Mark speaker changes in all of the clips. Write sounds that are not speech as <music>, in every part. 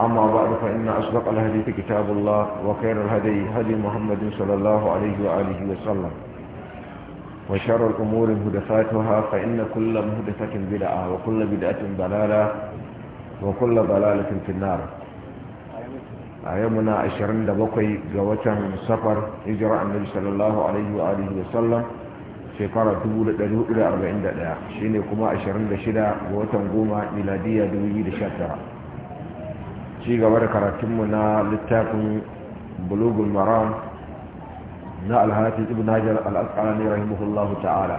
Speaker 1: أما بعد فإن أصدق الهديث كتاب الله وخير الهدي هدي محمد صلى الله عليه وآله وسلم وشر الأمور مهدفاتها فإن كل مهدفة بدعة وكل بدعة ضلالة وكل ضلالة في النار أيامنا عشرين دبقي جوتا من السفر إجراء النبي صلى الله عليه وآله وسلم shekara 1441 shine kuma 26 ga watan goma miladiya 2019 ci gaba da karatunmu na littafin bulugun maram na alhafi ibn hajar al'asqalani rahimahullahu ta'ala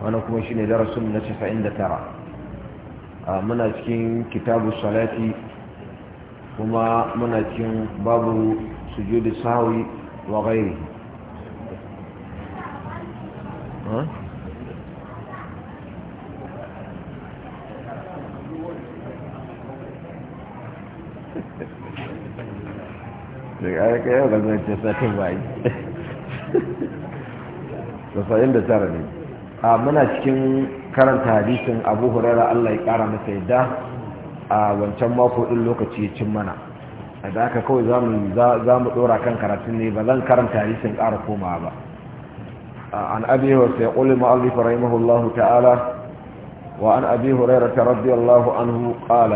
Speaker 1: wannan kuma shine darasin na 99 muna cikin kitabu salati kuma muna cikin babu sujudi sahawi wa ghairihi daga yau ce satin bayi da tara ne a muna cikin karanta hadisin abu hurara allah ya kara masa yadda a wancan mako ɗin lokaci cin mana a da aka kawai za mu ɗora kan karatun ne ba zan karanta hadisin ƙara koma ba an عن sai وسيقول ta'ala wa الله تعالى وعن أبي هريرة رضي الله anhu قال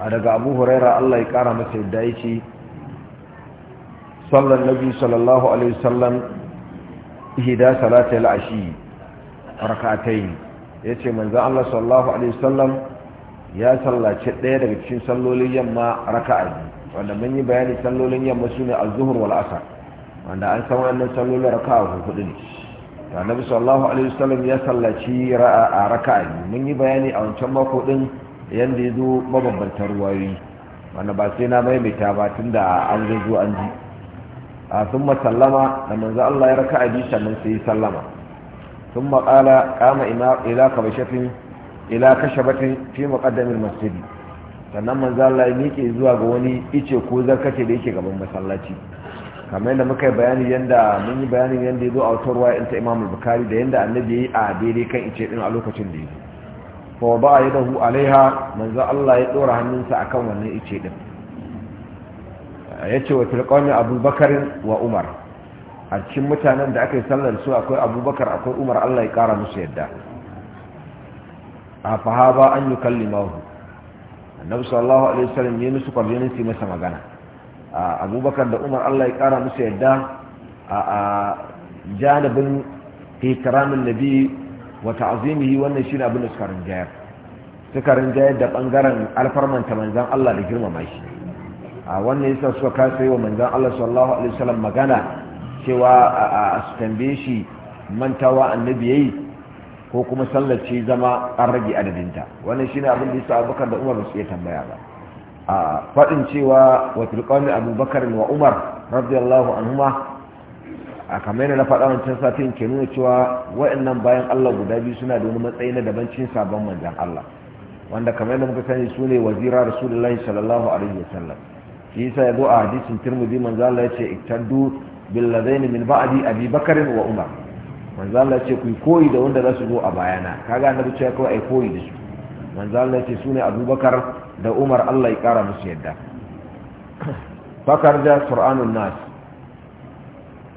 Speaker 1: a daga abu huraira Allah ya kara masa yadda ya ce sallan nabi sallallahu alaihi sallam ihida salatul ashi rak'atayn yace manzo Allah sallallahu alaihi sallam ya sallaci ɗaya daga cikin sallolin yamma Raka'ai. wanda mun yi bayani sallolin yamma sune az-zuhr wal Asar. wanda an san wannan sallolin raka'a hudu ne annabi sallallahu alaihi sallam ya sallaci ra'a raka'a mun yi bayani a wancan mako din yanda ya zo mababbantar ruwayoyi wanda ba sai na maimaita ba tun da an zo an ji a sun masallama da manzo Allah ya raka a ji sannan sai sallama sun maƙala kama ila kabashafin ila kashabatin fi muqaddamin masjidi sannan manzo Allah ya miƙe zuwa ga wani ice ko zarkace da yake gaban masallaci kamar yadda muka yi bayani yanda mun yi bayanin yanda ya zo a in ta imamul bukari da yadda annabi ya yi a daidai kan ice din a lokacin da ya fa ba ya dahu alaiha manzo Allah ya dora hannunsa akan wannan ice din yace wa tilqami abubakar wa umar a cikin mutanen da aka yi sallar su akwai abubakar akwai umar Allah ya kara musu yadda a fahaba an yi kallimahu annabi sallallahu alaihi wasallam ya musu kwarjinin su masa magana abubakar da umar Allah ya kara musu yadda a janibin ikramin nabi wa ta'zimihi wannan shine abin da suka rinjayar suka rinjayar da bangaren alfarmanta manzan Allah da girmama shi a wannan yasa suka kasa yi wa manzan Allah sallallahu alaihi wasallam magana cewa a tambaye shi mantawa annabi yayi ko kuma sallace zama an rage adadinta wannan shine abin da yasa Abubakar da Umar ba su iya tambaya ba a fadin cewa wa tilqani Abubakar wa Umar radiyallahu anhuma a kamar da na faɗa wancan satin ke nuna cewa wa'annan bayan Allah guda biyu suna da wani matsayi na dabancin sabon manzan Allah wanda kamar yadda muka sani su ne wazira rasulullahi sallallahu alaihi wa sallam shi yasa ya zo a hadisin tirmidhi manzo Allah ya ce iktadu billadain min ba'di abi bakr wa umar manzo Allah ya ce ku koyi da wanda za su zo a bayana kaga annabi cewa kawai ai koyi da su manzo Allah ya ce ne abubakar da umar Allah ya kara musu yadda fakar da qur'anun nas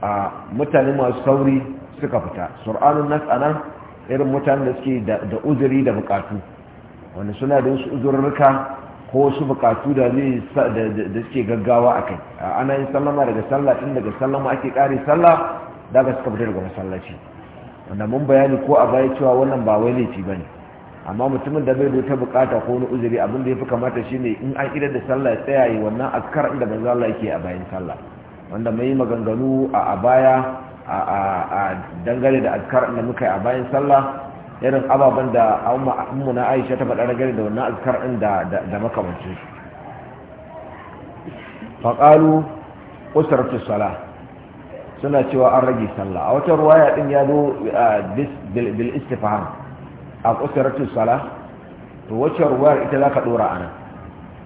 Speaker 1: a mutane masu sauri suka fita sur'anun nas anan irin mutane da suke da uzuri da bukatu wani suna da wasu uzurruka ko wasu bukatu da suke gaggawa a kai ana yin sallama daga sallah ɗin daga sallama ake kare sallah daga suka fita daga masallaci wanda mun bayani ko a baya cewa wannan ba wai laifi ne amma mutumin da bai da ta bukata ko wani uzuri abin da ya fi kamata shine in an idar da sallah ya tsaya yi wannan askar inda manzo Allah yake a bayan sallah wanda mai maganganu a baya a dangane da azkar da muka yi a bayan sallah irin ababen da amma na aisha ta faɗa dangane da wannan azkar ɗin da makamancin faƙalu usratu suna cewa an rage sallah a wata ruwaya ɗin ya zo bil istifham a usratu tussala? to wacce wayar ita za ka ɗora a nan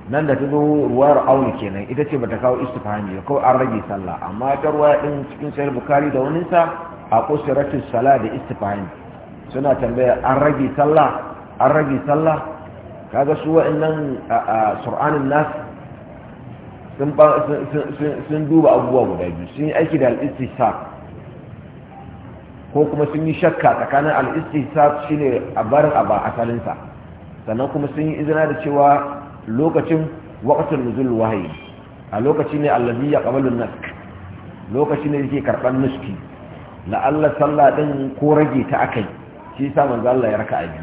Speaker 1: nan da ta zo ruwar auni kenan ita ce bata kawo istifhami ba kawai an rage sallah amma ta ruwa din cikin sayar bukari da wani sa a qusratu sala da istifhami suna tambaya an rage sallah an rage sallah kaga su wa'annan sur'anin nas sun duba abubuwa guda biyu sun yi aiki da al'istisa ko kuma sun yi shakka tsakanin al'istisa shine a barin ba asalinsa sannan kuma sun yi izina da cewa lokacin waqtul nuzul wahayi a lokaci ne allazi yaqbalu an lokaci ne yake karban nuski la Allah sallah din ko rage ta akai shi sa manzo Allah ya raka abi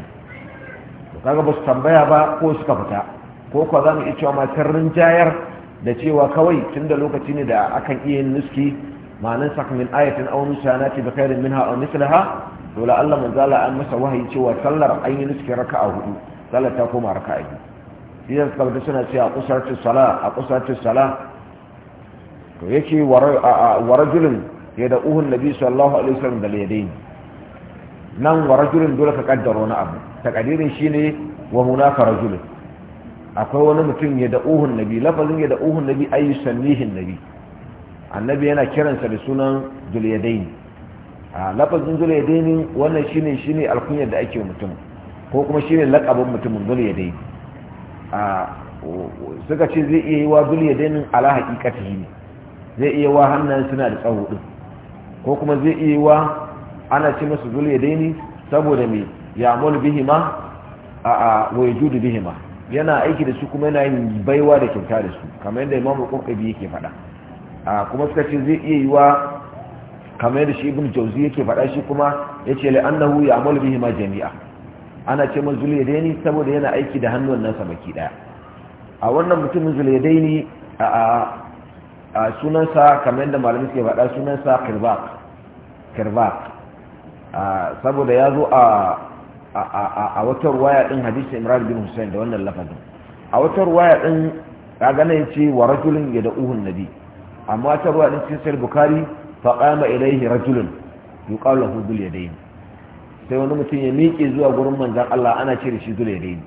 Speaker 1: to kaga ba su tambaya ba ko suka fita ko ko zamu iya cewa ma sirrin jayar da cewa kawai tunda lokaci ne da akan iya yin nuski ma'anan sakmin min ayatin aw nusanati bi khairin minha aw mithlaha to la Allah manzo Allah an masa wahayi cewa sallar an yi nuski raka'a hudu sallar ta koma raka'a biyu idan suka fita suna ce a kusarci sala a kusarci sala to yake wa rajulin ya da uhun nabi sallallahu alaihi wasallam da yadayn nan wa rajulin dole ka kaddaro na abu takadirin shine wa hunaka rajulin akwai wani mutum ya da uhun nabi lafazin ya da uhun nabi ayi sannihin nabi annabi yana kiransa da sunan zuliyadaini a lafazin zuliyadaini wannan shine shine alkunyar da ake mutum ko kuma shine lakabin mutumin zuliyadaini suka ce zai iya yi wa zuliya dainin ala haƙiƙatihi ne zai iya wa hannun suna da tsawo ɗin ko kuma zai iya wa ana ce masu zuliya daini saboda mai ya'amul bihima a wa bihi bihima yana aiki da su kuma yana yin baiwa da kyauta da su kamar yadda imamu kokabi yake faɗa a kuma suka ce zai iya yi wa kamar yadda shi ibn jauzi yake faɗa shi kuma yace la annahu bihi bihima jami'a ana ce man zuliyadaini saboda yana aiki da hannun nasa baki daya a wannan mutumin zuliyadaini a a sunansa kamar yadda malamin ke bada sunansa kirbak kirbak saboda ya zo a wata ruwaya ɗin hadisun imran bin hussein da wannan lafazin a wata ruwaya ɗin gana ya ce wa rajulun ya da uhun nabi amma wata ruwaya ɗin cikin sayar bukari faƙama ilaihi rajulun yuƙalu hudul ya daini sai wani mutum ya miƙe zuwa gurin manzan Allah ana ce da shi zule daini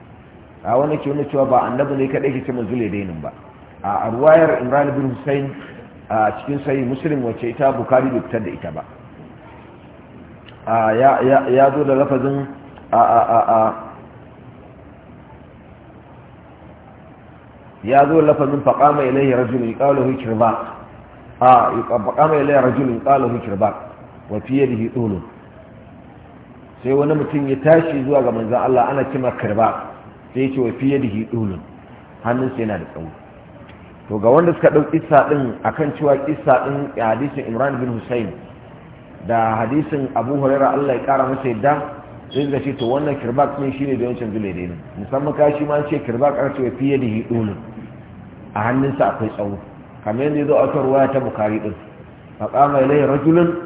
Speaker 1: a wani ke wani cewa ba annabi ne kaɗai ke ce zule dainin ba a ruwayar imran bin hussein a cikin sai muslim wacce ita bukari bai fitar da ita ba ya zo da lafazin a a a a ya zo lafazin faƙama ilayhi rajulun qalahu kirba a faƙama ilayhi rajulun qalahu kirba wa fiye da tulun sai wani mutum ya tashi zuwa ga manzan Allah ana kima karba sai ya ce wa fiye da hannun hannunsa yana da tsawo to ga wanda suka ɗauki isa ɗin kan cewa isa ɗin hadisin imran bin hussein da hadisin abu huraira Allah ya ƙara masa yadda sai ga ce to wannan kirbak shi ne da yawancin zule da musamman ka shi ma ce kirba ƙar ce wa fiye da hidulun a hannunsa akwai tsawo kamar yadda ya zo a wata ruwa ta bukari ɗin mai ilai rajulun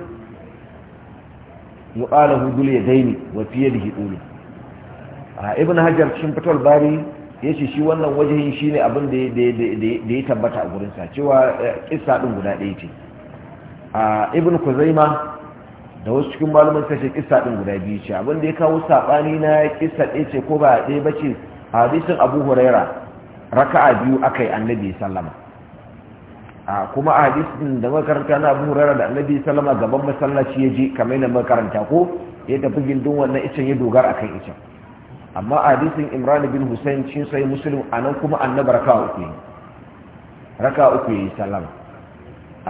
Speaker 1: yuqalahu ya yadaini wa fi yadihi dul a ibn hajar cikin fatul bari yace shi wannan shi shine abin da ya tabbata a gurin sa cewa eh, kissa din guda ɗaya ce a ibn kuzaima da wasu cikin malaman sashe kissa din guda biyu ce abin da ya kawo saɓani na kissa ɗaya ce ko ba ɗaya bace hadisin abu huraira raka'a biyu aka akai annabi sallama a kuma a hadisin da makaranta na abu hurara da annabi sallama gaban masallaci ya je kamar yadda makaranta ko ya tafi gindin wannan icen ya dogara akan icen amma a hadisin imran bin husain cin sai a anan kuma annabi raka uku yi raka uku yi sallama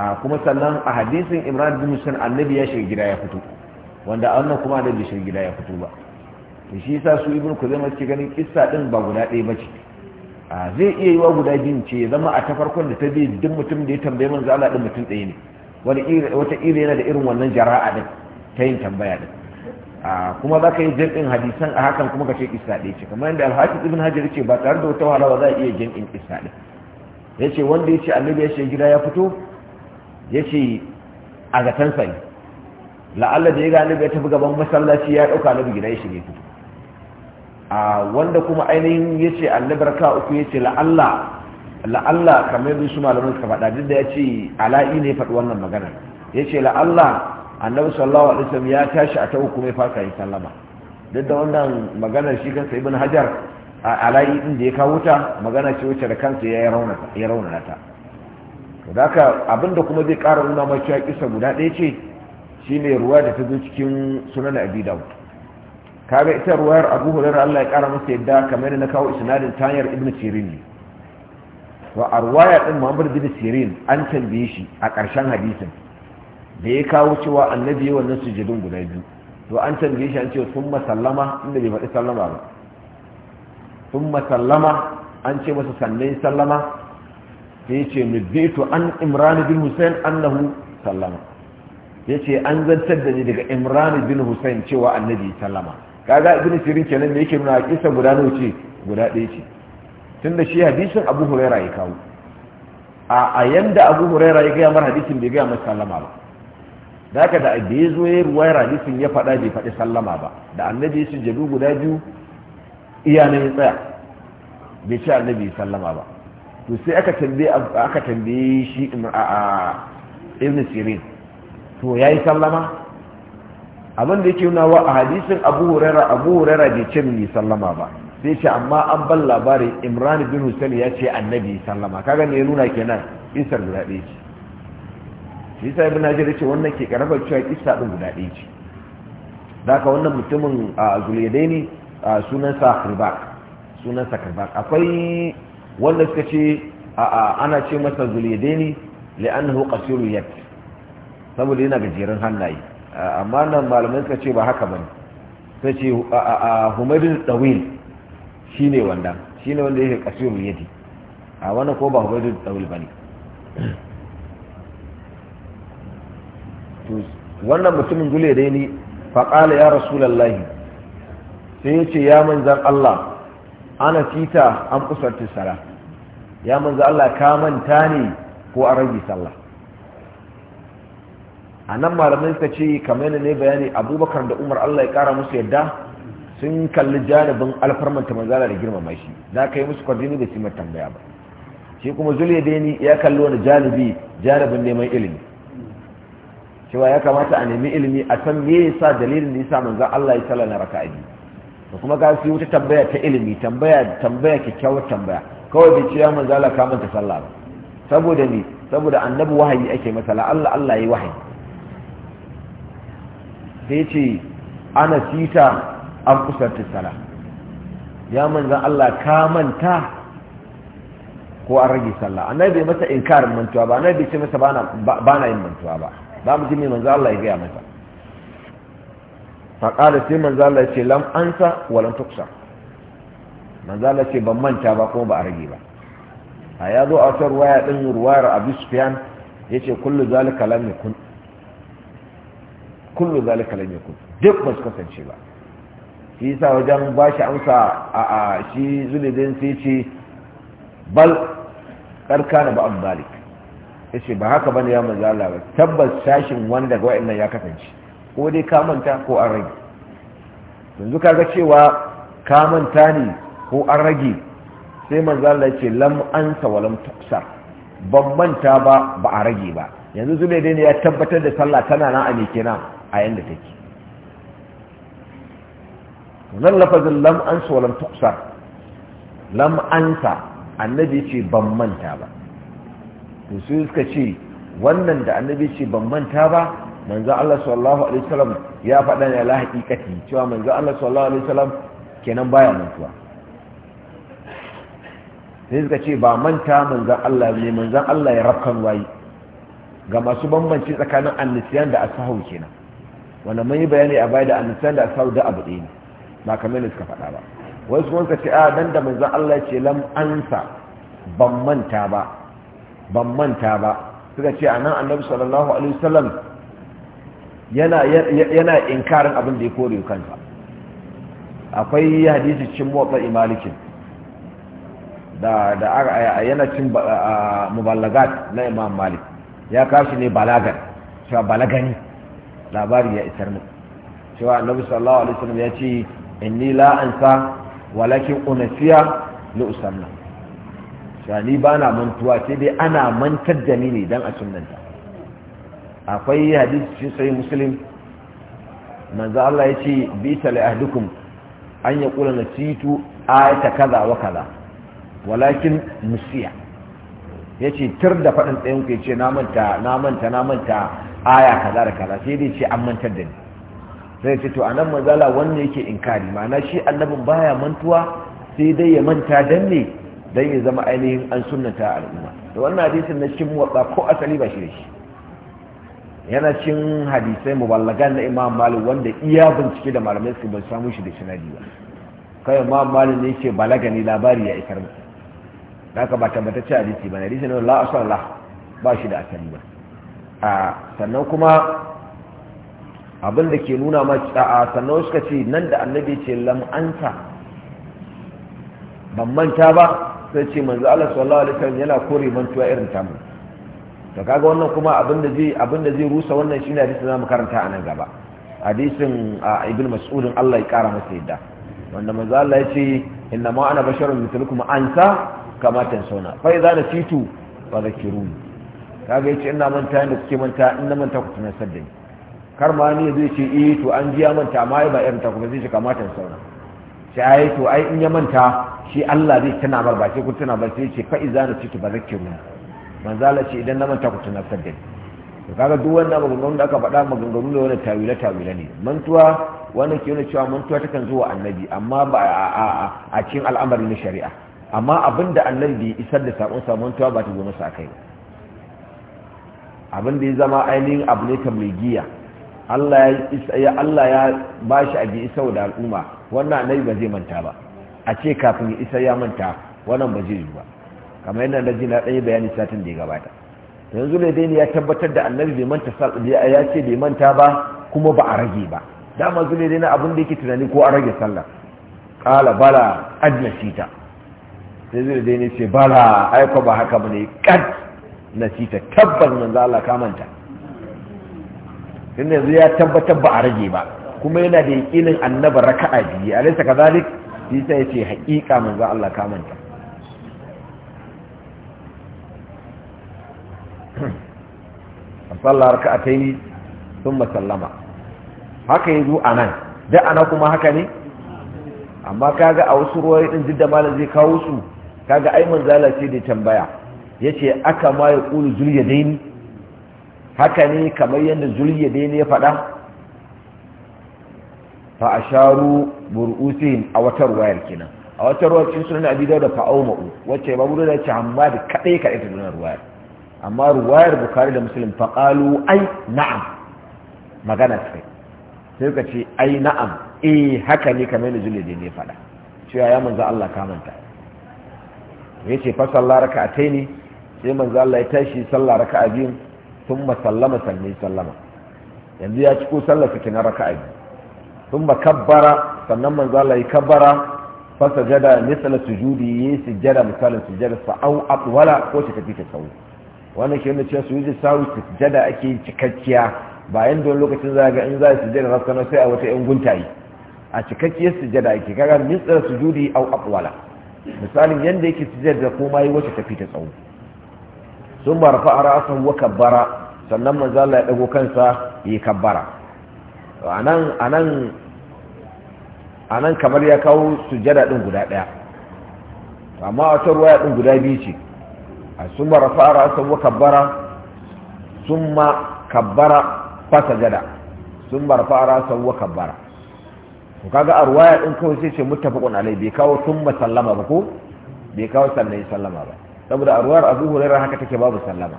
Speaker 1: a kuma sannan a hadisin imran bin husain annabi ya shiga gida ya fito wanda wannan kuma annabi shiga gida ya fito ba shi yasa su ibnu kuzaima ke ganin kissa din ba guda ɗaya bace zai iya yiwa guda biyun ce ya zama a ta farkon da ta bi duk mutum da ya tambaye min Allah din mutum ɗaya ne wata iri yana da irin wannan jara'a din ta yin tambaya din kuma za ka yi jam'in hadisan a hakan kuma ka ce isa ɗaya ce kamar yadda alhaji ibn hajar ce ba tare da wata wahala ba za a iya jam'in isa ɗin ya ce wanda ya ce annabi ya ce gida ya fito ya ce a ga ne la'alla da ya ga annabi ya tafi gaban masallaci ya ɗauka annabi gida ya shige fito a wanda kuma ainihin ya ce annabi ka uku ya ce la'alla kamar yadda su malamin suka faɗa duk da ya ce ala'i ne faɗi wannan magana ya ce la'alla annabi sallallahu alaihi wasallam ya tashi a ta uku mai fasa yi sallama duk da wannan maganar shi kansa ibn hajar a ala'i din da ya kawo ta magana ce wacce da kansa ya raunana ta to da haka abinda kuma zai ƙara nuna mai cewa kisa guda ɗaya ce shine ruwa da ta zo cikin sunan abi dawud kaga ita ruwayar abu hurairar allah ya kara masa yadda kamar na kawo isnadin tayar ibn sirin ne to a ruwaya din muhammad bin sirin an tambaye shi a ƙarshen hadisin da ya kawo cewa annabi ya wannan sujudin guda biyu to an tambaye shi an ce sun masallama inda bai faɗi sallama ba sun masallama an ce masa sannan sallama sai ya ce nuzzaitu an imran bin hussein annahu sallama ya ce an zantar da ni daga imran bin hussein cewa annabi sallama kaga ibn sirin kenan da yake nuna kisa guda nawa ce guda ɗaya ce tunda shi hadisin abu huraira ya kawo a yanda abu huraira ya gaya mar hadisin bai gaya mar sallama ba da haka da da ya zo ya ruwaya hadisin ya faɗa bai faɗi sallama ba da annabi ya sujjadu guda biyu iya ya tsaya bai ce annabi ya sallama ba to sai aka tambaye aka tambaye shi a ibn sirin to yayi sallama abin da yake nunawa a hadisin abu hurera abu hurera bai ce mai sallama ba sai ce amma an ban labari imran bin hussein ya ce annabi sallama kaga ne ya nuna kenan isar guda ɗaya ce isa ibn hajar ce wannan ke karfafa cewa isa din guda ɗaya ce ka wannan mutumin a zuliyadai ne sunansa kirbak sunansa kirbak akwai wanda suka ce ana ce masa zuliyadai ne li'annahu qasirul yadda. saboda yana gajeren hannaye amma nan malamai suka ce ba haka bane sai ce a humadin dawil shine wannan shine wanda yake kasiru yadi a wannan ko ba humadin dawil bane to wannan mutumin gule dai ni fa qala ya rasulullahi sai ya ce ya manzan Allah ana kita an kusurta sara ya manzan Allah ka manta ne ko an rage sallah a nan malamai suka ce kamar ne bayani abubakar da umar allah ya kara musu yadda sun kalli janibin alfarmanta manzala da girmama shi na yi musu kwadini da simar tambaya ba shi kuma zuliya deni ya kalli wani janibi janibin neman ilimi cewa ya kamata a nemi ilimi a san me sa dalilin da sa manzon Allah ya raka a biyu da kuma ga su wata tambaya ta ilimi tambaya tambaya kyakkyawar tambaya kawai bai ciya ya Allah ka sallah ba saboda ni saboda annabi wahayi ake masa allah Allah Allah yi wahayi ya ce ana sita an kusanci sala ya manza Allah ka manta ko an rage sallah annabi bai masa inkarin mantuwa ba annabi bai ce masa ba na yin mantuwa ba ba mu ji me manza Allah ya gaya masa faƙada sai manza Allah ce lam ansa walan tuksa manza Allah ce ban manta ba kuma ba a rage ba a ya zo a wata ruwaya ɗin ruwayar Abu ya ce kullu zalika lam kun. kullu zalika lam yakun duk ba su kasance ba shi yasa wajen ba shi amsa a a shi zulidin sai ce bal karkana ba an zalik yace ba haka bane ya manzo ba tabbas sashin wanda ga wa'annan ya kasance ko dai ka manta ko an rage yanzu ka ga cewa ka manta ne ko an rage sai manzo Allah ce lam ansa wa lam tuksa ban manta ba ba a rage ba yanzu zube dai ne ya tabbatar da sallah tana nan a me kenan a yanda take nan lafazin lam an su walam tuksa lam ansa annabi ce ban manta ba to su suka ce wannan da annabi ce ban manta ba manzo Allah sallallahu alaihi wasallam ya faɗa ne la haqiqati cewa manzo Allah sallallahu alaihi wasallam kenan baya mutuwa sai suka ce ba manta manzan Allah ne manzan Allah ya rafkan wayi ga masu bambanci tsakanin annisiyan da asahu kenan wanda mun yi bayani a bai da annisan da sau da abu ɗaya ba kamar suka faɗa ba wasu su wanka ce a dan da zan Allah ce lam ansa ban manta ba ban manta ba suka ce a nan annabi sallallahu alaihi wasallam yana yana inkarin abin da ya kore kansa akwai hadisi cin motsa imalikin da da yana cin muballagat na imam malik ya kashi ne balagan cewa balagani labari ya isar mu cewa annabi sallallahu alaihi wasallam ya ce inni la ansa walakin unasiya li usanna cewa ni ba na mantuwa sai dai ana mantar da ni ne dan a sunnanta akwai hadisi shi sai muslim manzo Allah ya ce bi tala ahdukum an na nasitu ayata kaza wa kaza walakin musiya ya ce tir da faɗin tsayin ku ya ce na manta na manta na manta aya kaza da kaza sai dai ce an mantar da ni sai ce to anan mazala wannan yake inkari ma'ana shi annabin baya mantuwa sai dai ya manta dan ne dan ya zama ainihin an sunnata al'umma da wannan hadisin na cikin muwatta ko asali ba shi da shi yana cikin hadisai muballagan na imam malik wanda iya bincike da malamai su ban samu shi da sanadi ba kai imam malik ne yake balaga ne labari ya isar mu haka ba ce hadisi ba hadisi ne la asallah ba shi da asali ba a sannan kuma abinda ke nuna ma a sannan suka ce nan da annabi ce lam'anta ban manta ba sai ce manzu ala sallallahu alaihi wasallam yana kore mantuwa irin tamu to kaga wannan kuma abinda zai abinda zai rusa wannan shine hadisin zamu karanta a nan gaba hadisin ibn mas'ud Allah ya kara masa yadda wanda manzu Allah ya ce inna ma ana basharun mithlukum ansa kama tansona fa idza nasitu fa dhakkiruni kaga yace ina manta da kuke manta in na manta ku tunan sadda ni kar ma ni zai ce eh to an ji ya manta amma ba irin ta kuma zai ce kamata in sauna sai ai to ai in ya manta shi Allah zai tana bar ba sai ku tana bar sai ce fa iza na ciki bazakkiru ce idan na manta ku tunan sadda ni to kaga duk wannan maganganun da aka faɗa maganganu da wani tawila tawila ne mantuwa wannan ke yana cewa mantuwa takan zuwa annabi amma ba a a cikin al'amari na shari'a amma abinda annabi bai isar da sakon sa mantuwa ba ta zo masa akai ba abin da ya zama ainihin abu ne ta giya giya, Allah ya ba shi abi isa da al'umma wannan annabi ba zai manta ba a ce kafin isa ya manta wannan ba zai yi ba kamar yadda da jina na bayani satin da ya gabata yanzu ne dai ya tabbatar da annabi bai manta ya ce bai manta ba kuma ba a rage ba dama zule dai na abin da yake tunani ko a rage sallah kala bala adna shita sai zule dai ne ce bala aiko ba haka bane kad nasita tabbas manzo Allah ka manta tunda yanzu ya tabbatar ba a rage ba kuma yana da yakinin annaba raka'a biyu alaysa kadhalik shi sai yace haƙiƙa manzo Allah ka manta sallar raka'atai thumma sallama haka yazo anan da ana kuma haka ne amma kaga a wasu ruwayoyin din da malam zai kawo su kaga ai manzala sai da tambaya yace aka ma ya qulu zul yadaini haka ne kamar yadda zul yadaini ya faɗa fa asharu burusihim a watar wayar kenan a watar ruwa cikin sunan abi da fa'au ma'u wacce babu da ce amma da kaɗai kaɗai ta sunan wayar amma ruwayar bukari da musulun faƙalu ai na'am magana sai sai ka ce ai na'am eh haka ne kamar da zulle ya faɗa cewa ya manzo Allah ka manta ya ce fasal ka a tai ne sai manzo Allah ya tashi sallah raka'a biyu sun sallama sallama sallama yanzu ya ciko sallar fikin raka'a biyu sun kabbara sannan manzo Allah ya kabbara fasa jada misal sujudi sujada misal misalin fa au atwala ko ta tafi ta sau wannan shi ne cewa sujudi sa'u sujada ake cikakkiya bayan don lokacin za ga in za su sujjada na sai a wata yan guntayi a cikakkiyar sujada ake kaga misal sujudi au atwala misalin yanda yake sujada ko mai wata tafi ta tsawo sun ba rafa a ra'asan wa kabbara sannan manzo Allah ya dago kansa yi kabbara anan anan anan kamar ya kawo sujada din guda daya amma a wata ruwaya din guda biyu ce sun ba rafa a ra'asan wa kabbara sun ma kabbara jada sun ba rafa a ra'asan wa kabbara ko kaga a ruwaya din kawai sai ce muttafaqun alai bai kawo sun sallama ba ko bai kawo sannan sallama ba saboda a ruwar abu huraira haka take babu sallama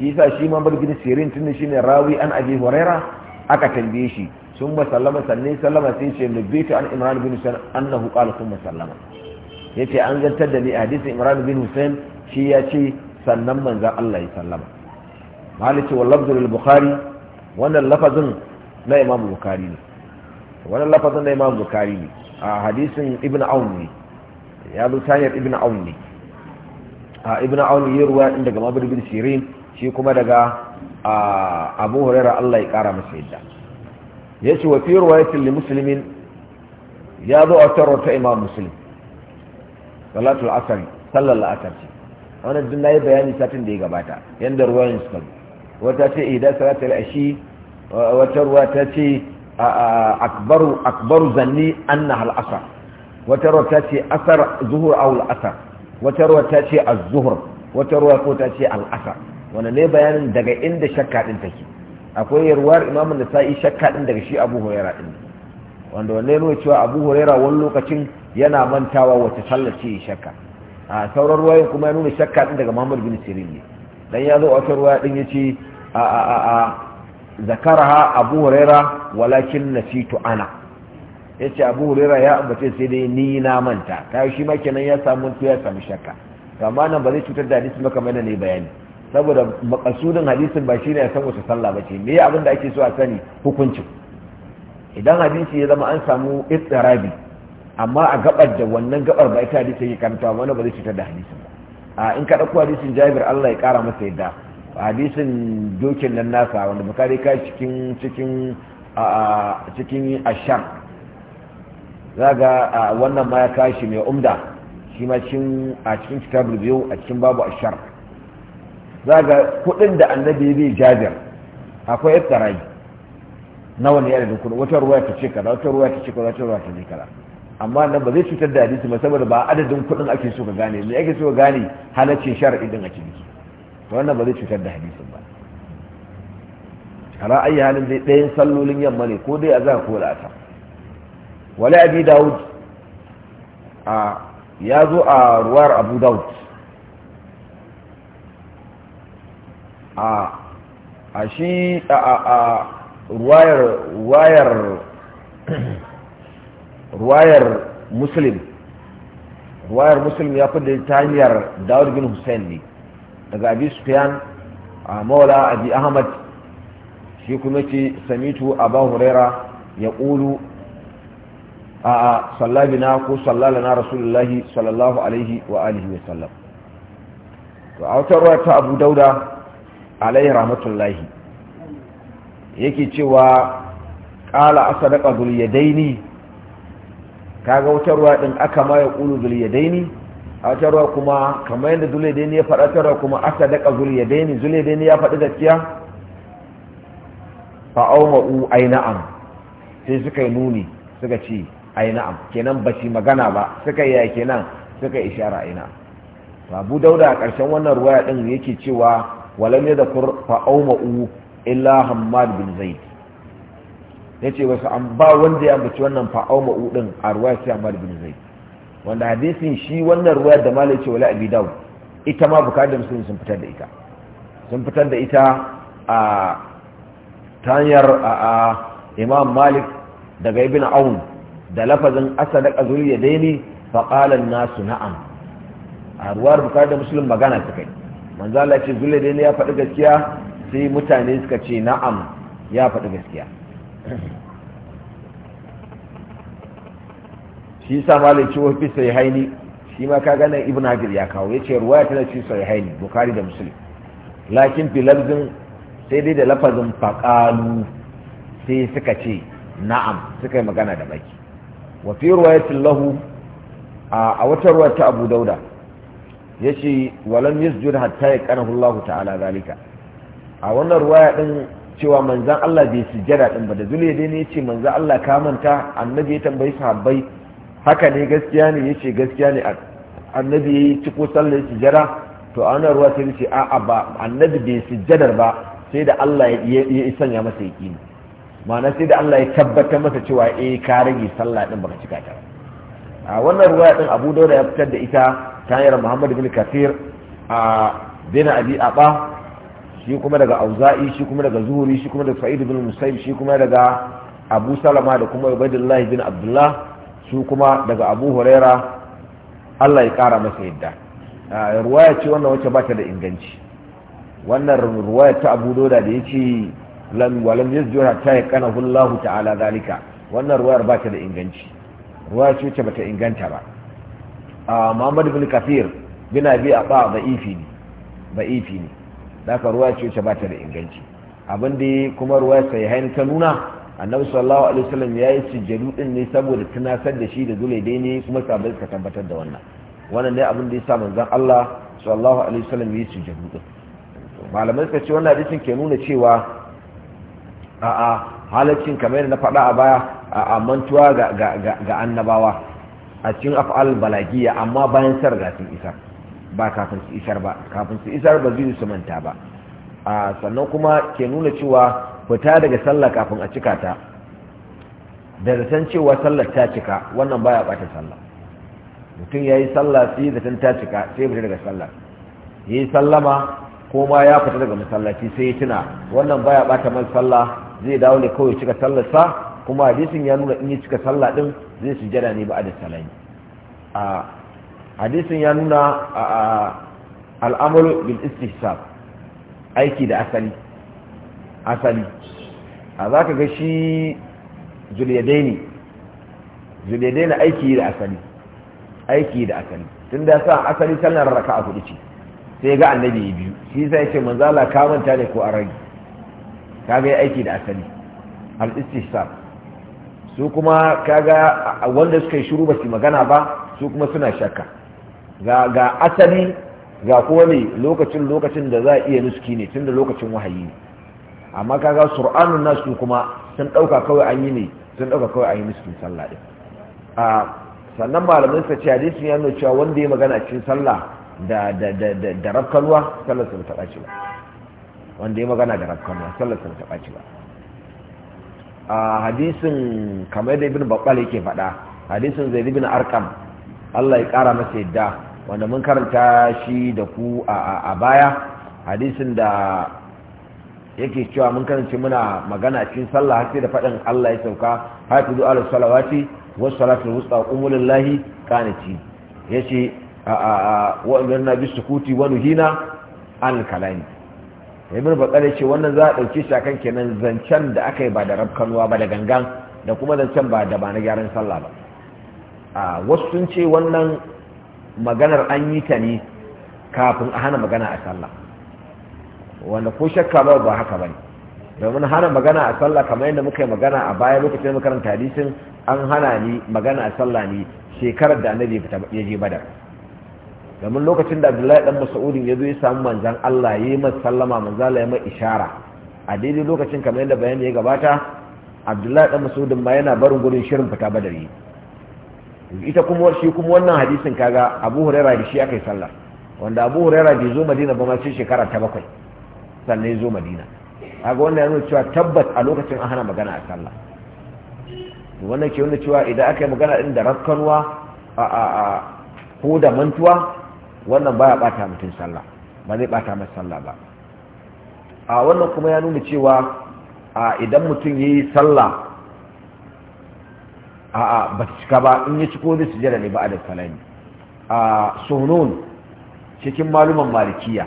Speaker 1: shi yasa shi ma bin sirin shi ne rawi an abi huraira aka tambaye shi sun ba sallama sannan sallama sai ce nabbitu an imran bin husain annahu qala sun ba sallama yace an zantar da ni hadisin imran bin husain shi ya ce sannan manzon Allah ya sallama malice wa lafzul bukhari wannan lafazin na imam bukhari ne wannan lafazin na imam bukhari ne a hadisin ibn aun ne ya zo tanyar ibn aun ne ibn aun yirwa ruwa inda daga mabir bin sirin shi kuma daga abu hurairah Allah ya kara masa yadda yace wa fi riwayatin li muslimin ya zo a tarar ta imam muslim salatul asr sallallahu asr ce wannan na yi bayani satin da ya gabata yanda ruwayan suka wata ce idan salatul ashi wata ruwa ta ce akbaru akbaru zanni annaha al asr wata ruwa ta ce asar zuhur aw al asr wata ruwa ta ce a zuhur wata ruwa ko ta ce al-asr wanda ne bayanin daga inda shakka din take akwai ruwar da sa'i shakka din daga shi Abu Huraira din wanda wanne ne cewa Abu Huraira wani lokacin yana mantawa wata sallar ce shakka a sauran ruwa kuma ya nuna shakka din daga Muhammad bin Sirin ne dan ya zo a wata ruwaya din ce a a a zakaraha Abu Huraira walakin nasitu ana ya ce abu hurera ya ambace sai dai ni na manta kayo shi ma kenan ya samu ya samu shakka amma nan ba zai cutar da hadisi maka mana ne bayani saboda makasudin hadisin ba ne ya san wace sallah ba ce me abin da ake so a sani hukunci idan hadisi ya zama an samu ittirabi amma a gabar da wannan gabar ba ita hadisi yake karanta wani ba zai cutar da hadisin ba a in ka dauko hadisin Jabir Allah ya kara masa yadda hadisin dokin nan nasa wanda bukari ka cikin cikin a cikin ashar za ga wannan ma ya kashi mai umda shi ma a cikin kitabul biyu a cikin babu ashar za ga kudin da annabi bai jabir akwai ya tsarai nawa ne yadda dukkan wata ruwa ta ce kaza wata ruwa ta ce kaza wata ruwa ta ce kaza amma nan ba zai cutar da hadisi ba saboda ba adadin kudin ake so ka gane me ake so ka gane halaccin shar'i din a ciki to wannan ba zai cutar da hadisi ba ala ayi halin dai ɗayan sallolin yamma ne ko dai a za ko la'asar wala abi da'ud ya zo a ruwar abu da'ud a shi a ruwayar ruwayar <coughs> ruwayar muslim ruwayar muslim ya fi da ta hanyar da'ud bin hussein ne daga abi sufyan a maula abi ahmad shi kuma ce samitu abu huraira ya ƙulu a sallabina ko sallalana rasulullahi sallallahu alaihi wa alihi wa sallam to a wata ruwa ta abu dauda alaihi rahmatullahi yake cewa kala a sadaka zuliyadaini kaga wata ruwa din aka ma ya kulu zuliyadaini a wata ruwa kuma kamar yadda zuliyadaini ya faɗa ta ruwa kuma sadaka zuliyadaini zuliyadaini ya faɗi gaskiya fa'auma'u ainihin sai suka yi nuni suka ce ai kenan ba shi magana ba suka yi nan suka ishara ai abu dauda a ƙarshen wannan ruwaya ɗin yake cewa walam ya zakur fa'auma'u illa hammad bin zaid ya ce wasu an ba wanda ya ambaci wannan fa'auma'u ɗin a ruwaya sai hammad bin zaid wanda hadisin shi wannan ruwaya da malai ce wala abi dawud ita ma bukari da musulmi sun fitar da ita sun fitar da ita a ta hanyar a imam malik daga ibn aun da lafazin asadaka zuriya daini faƙalan nasu na'am a ruwar bukari da musulun magana suka yi manzo Allah ce zuriya ne ya faɗi gaskiya sai mutane suka ce na'am ya faɗi gaskiya shi sa malai ciwo fi sai haini shi ma ka gane ibn hajar ya kawo ya ce ruwaya tana ci sai haini bukari da musulun lakin fi lafzin sai dai da lafazin faƙalu sai suka ce na'am suka yi magana da baki wa fi ruwayatin lahu a wata ruwa ta abu dauda ya ce walan yasjud hatta ya kanahu Allah ta'ala zalika a wannan ruwaya din cewa manzan Allah bai su jada din ba da zule dai ne yace manzan Allah ka manta annabi ya tambayi sahabbai haka ne gaskiya ne yace gaskiya ne annabi ya yi ciko sallar su jada to a wannan ruwa sai ce a'a ba annabi bai su jadar ba sai da Allah ya sanya masa yaqini ma'ana sai da Allah ya tabbatar masa cewa eh ka rage sallah din baka cika ta a wannan ruwaya din Abu Dawud ya fitar da ita ta hanyar Muhammad bin Kathir a bin Abi Aba shi kuma daga Auza'i shi kuma daga Zuhri shi kuma daga Sa'id bin Musayyib shi kuma daga Abu Salama da kuma Ubaydullah bin Abdullah su kuma daga Abu Huraira Allah ya kara masa yadda ruwaya ce wannan wacce ba ta da inganci wannan ruwaya ta Abu Dawud da yake lam walam yasjud hatta yaqanahu Allah ta'ala dalika wannan ruwayar ba ta da inganci ruwaya ce ce bata inganta ba a ah, Muhammad bin bi a ba Aba ifi ne ifi ne daga ruwaya ce ce ba ta da inganci abin da kuma ruwaya hain ta nuna annabi sallallahu alaihi wasallam ya yi sujjadu din ne saboda tunasar da shi da dai ne kuma sabai ka tabbatar da wannan wannan ne abin da ya sa manzon Allah sallallahu alaihi wasallam ya yi sujjadu din malamai suka ce wannan hadisin ke nuna cewa a'a halaccin kamar yadda na faɗa a baya a mantuwa ga annabawa a cikin af'al balagiya amma bayan ga sun isar ba kafin su isar ba kafin su isar ba zai su manta ba a sannan kuma ke nuna cewa fita daga sallah kafin a cika ta da zaton cewa sallar ta cika wannan baya bata sallah mutum ya yi sallah sai zaton ta cika sai fita daga sallah ya yi sallama ko ma ya fita daga masallaci sai ya tuna wannan baya bata man sallah zai dawo ne kawai cika sallarsa kuma hadisin ya nuna in ya cika sallah din zai sujada ne ba da salami a hadisin ya nuna al'amalu bil istihsab aiki da asali asali a za ka ga shi zuliyadaini zuliyadaini aiki da asali aiki da asali tun da sa asali sallar raka a kudu ce sai ga annabi biyu shi sai ce manzala ka manta ne ko a rage kaga ya aiki da asali al-istihsab su kuma kaga wanda suka yi shiru ba su magana ba su kuma suna shakka ga asali ga kuma ne lokacin lokacin da za a iya nuski ne tun da lokacin wahayi ne amma kaga sur'anun nasu kuma sun ɗauka kawai an yi ne sun ɗauka kawai an yi nuskin sallah din sannan malamin sa ce hadisi ya nuna cewa wanda ya magana cikin sallah da da da da, da rafkalwa sallar sa ta ba wanda ya magana da rafkanwa sallar sa ta ɓaci ba a hadisin kamar da babal yake faɗa hadisin zai ribin arqam Allah ya ƙara masa yadda wanda mun karanta shi da ku a baya hadisin da yake cewa mun karanta muna magana cikin sallah sai da faɗin Allah ya sauka hafizu da salawati wasu salatu wusta qumulil lahi kanati yace wa na bis sukuti wani hina an kalani ibn ya ce wannan za a ɗauke shi akan kenan zancen da aka yi ba da rabkanuwa ba da gangan da kuma zancen ba da ba na gyaran sallah ba a wasu sun ce wannan maganar an yi ta ne kafin a hana magana a sallah wanda ko shakka ba ba haka ba ne domin hana magana a sallah kamar yadda muka yi magana a baya lokacin makaranta hadisin an hana ni magana a sallah ne shekarar da annabi ya je badar domin lokacin da abdullahi dan masaudin ya zo ya samu manzan Allah ya yi masu sallama manzan Allah ya mai ishara a daidai lokacin kamar yadda bayani ya gabata abdullahi dan masaudin ma yana barin wurin shirin fita badari ita kuma shi kuma wannan hadisin kaga abu huraira da shi aka yi sallah wanda abu huraira bai zo madina ba ma sai shekara ta bakwai sannan ya zo madina kaga wannan ya nuna cewa tabbat a lokacin a hana magana a sallah wannan ke nuna cewa idan aka yi magana din da rakkanwa a a ko da mantuwa wannan baya bata mutum sallah ba zai bata masa sallah ba a wannan kuma ya nuna cewa a idan mutum yayi sallah a a ba cika ba in ya ciko zai sujjada ne ba a da salami a sunun cikin maluman malikiya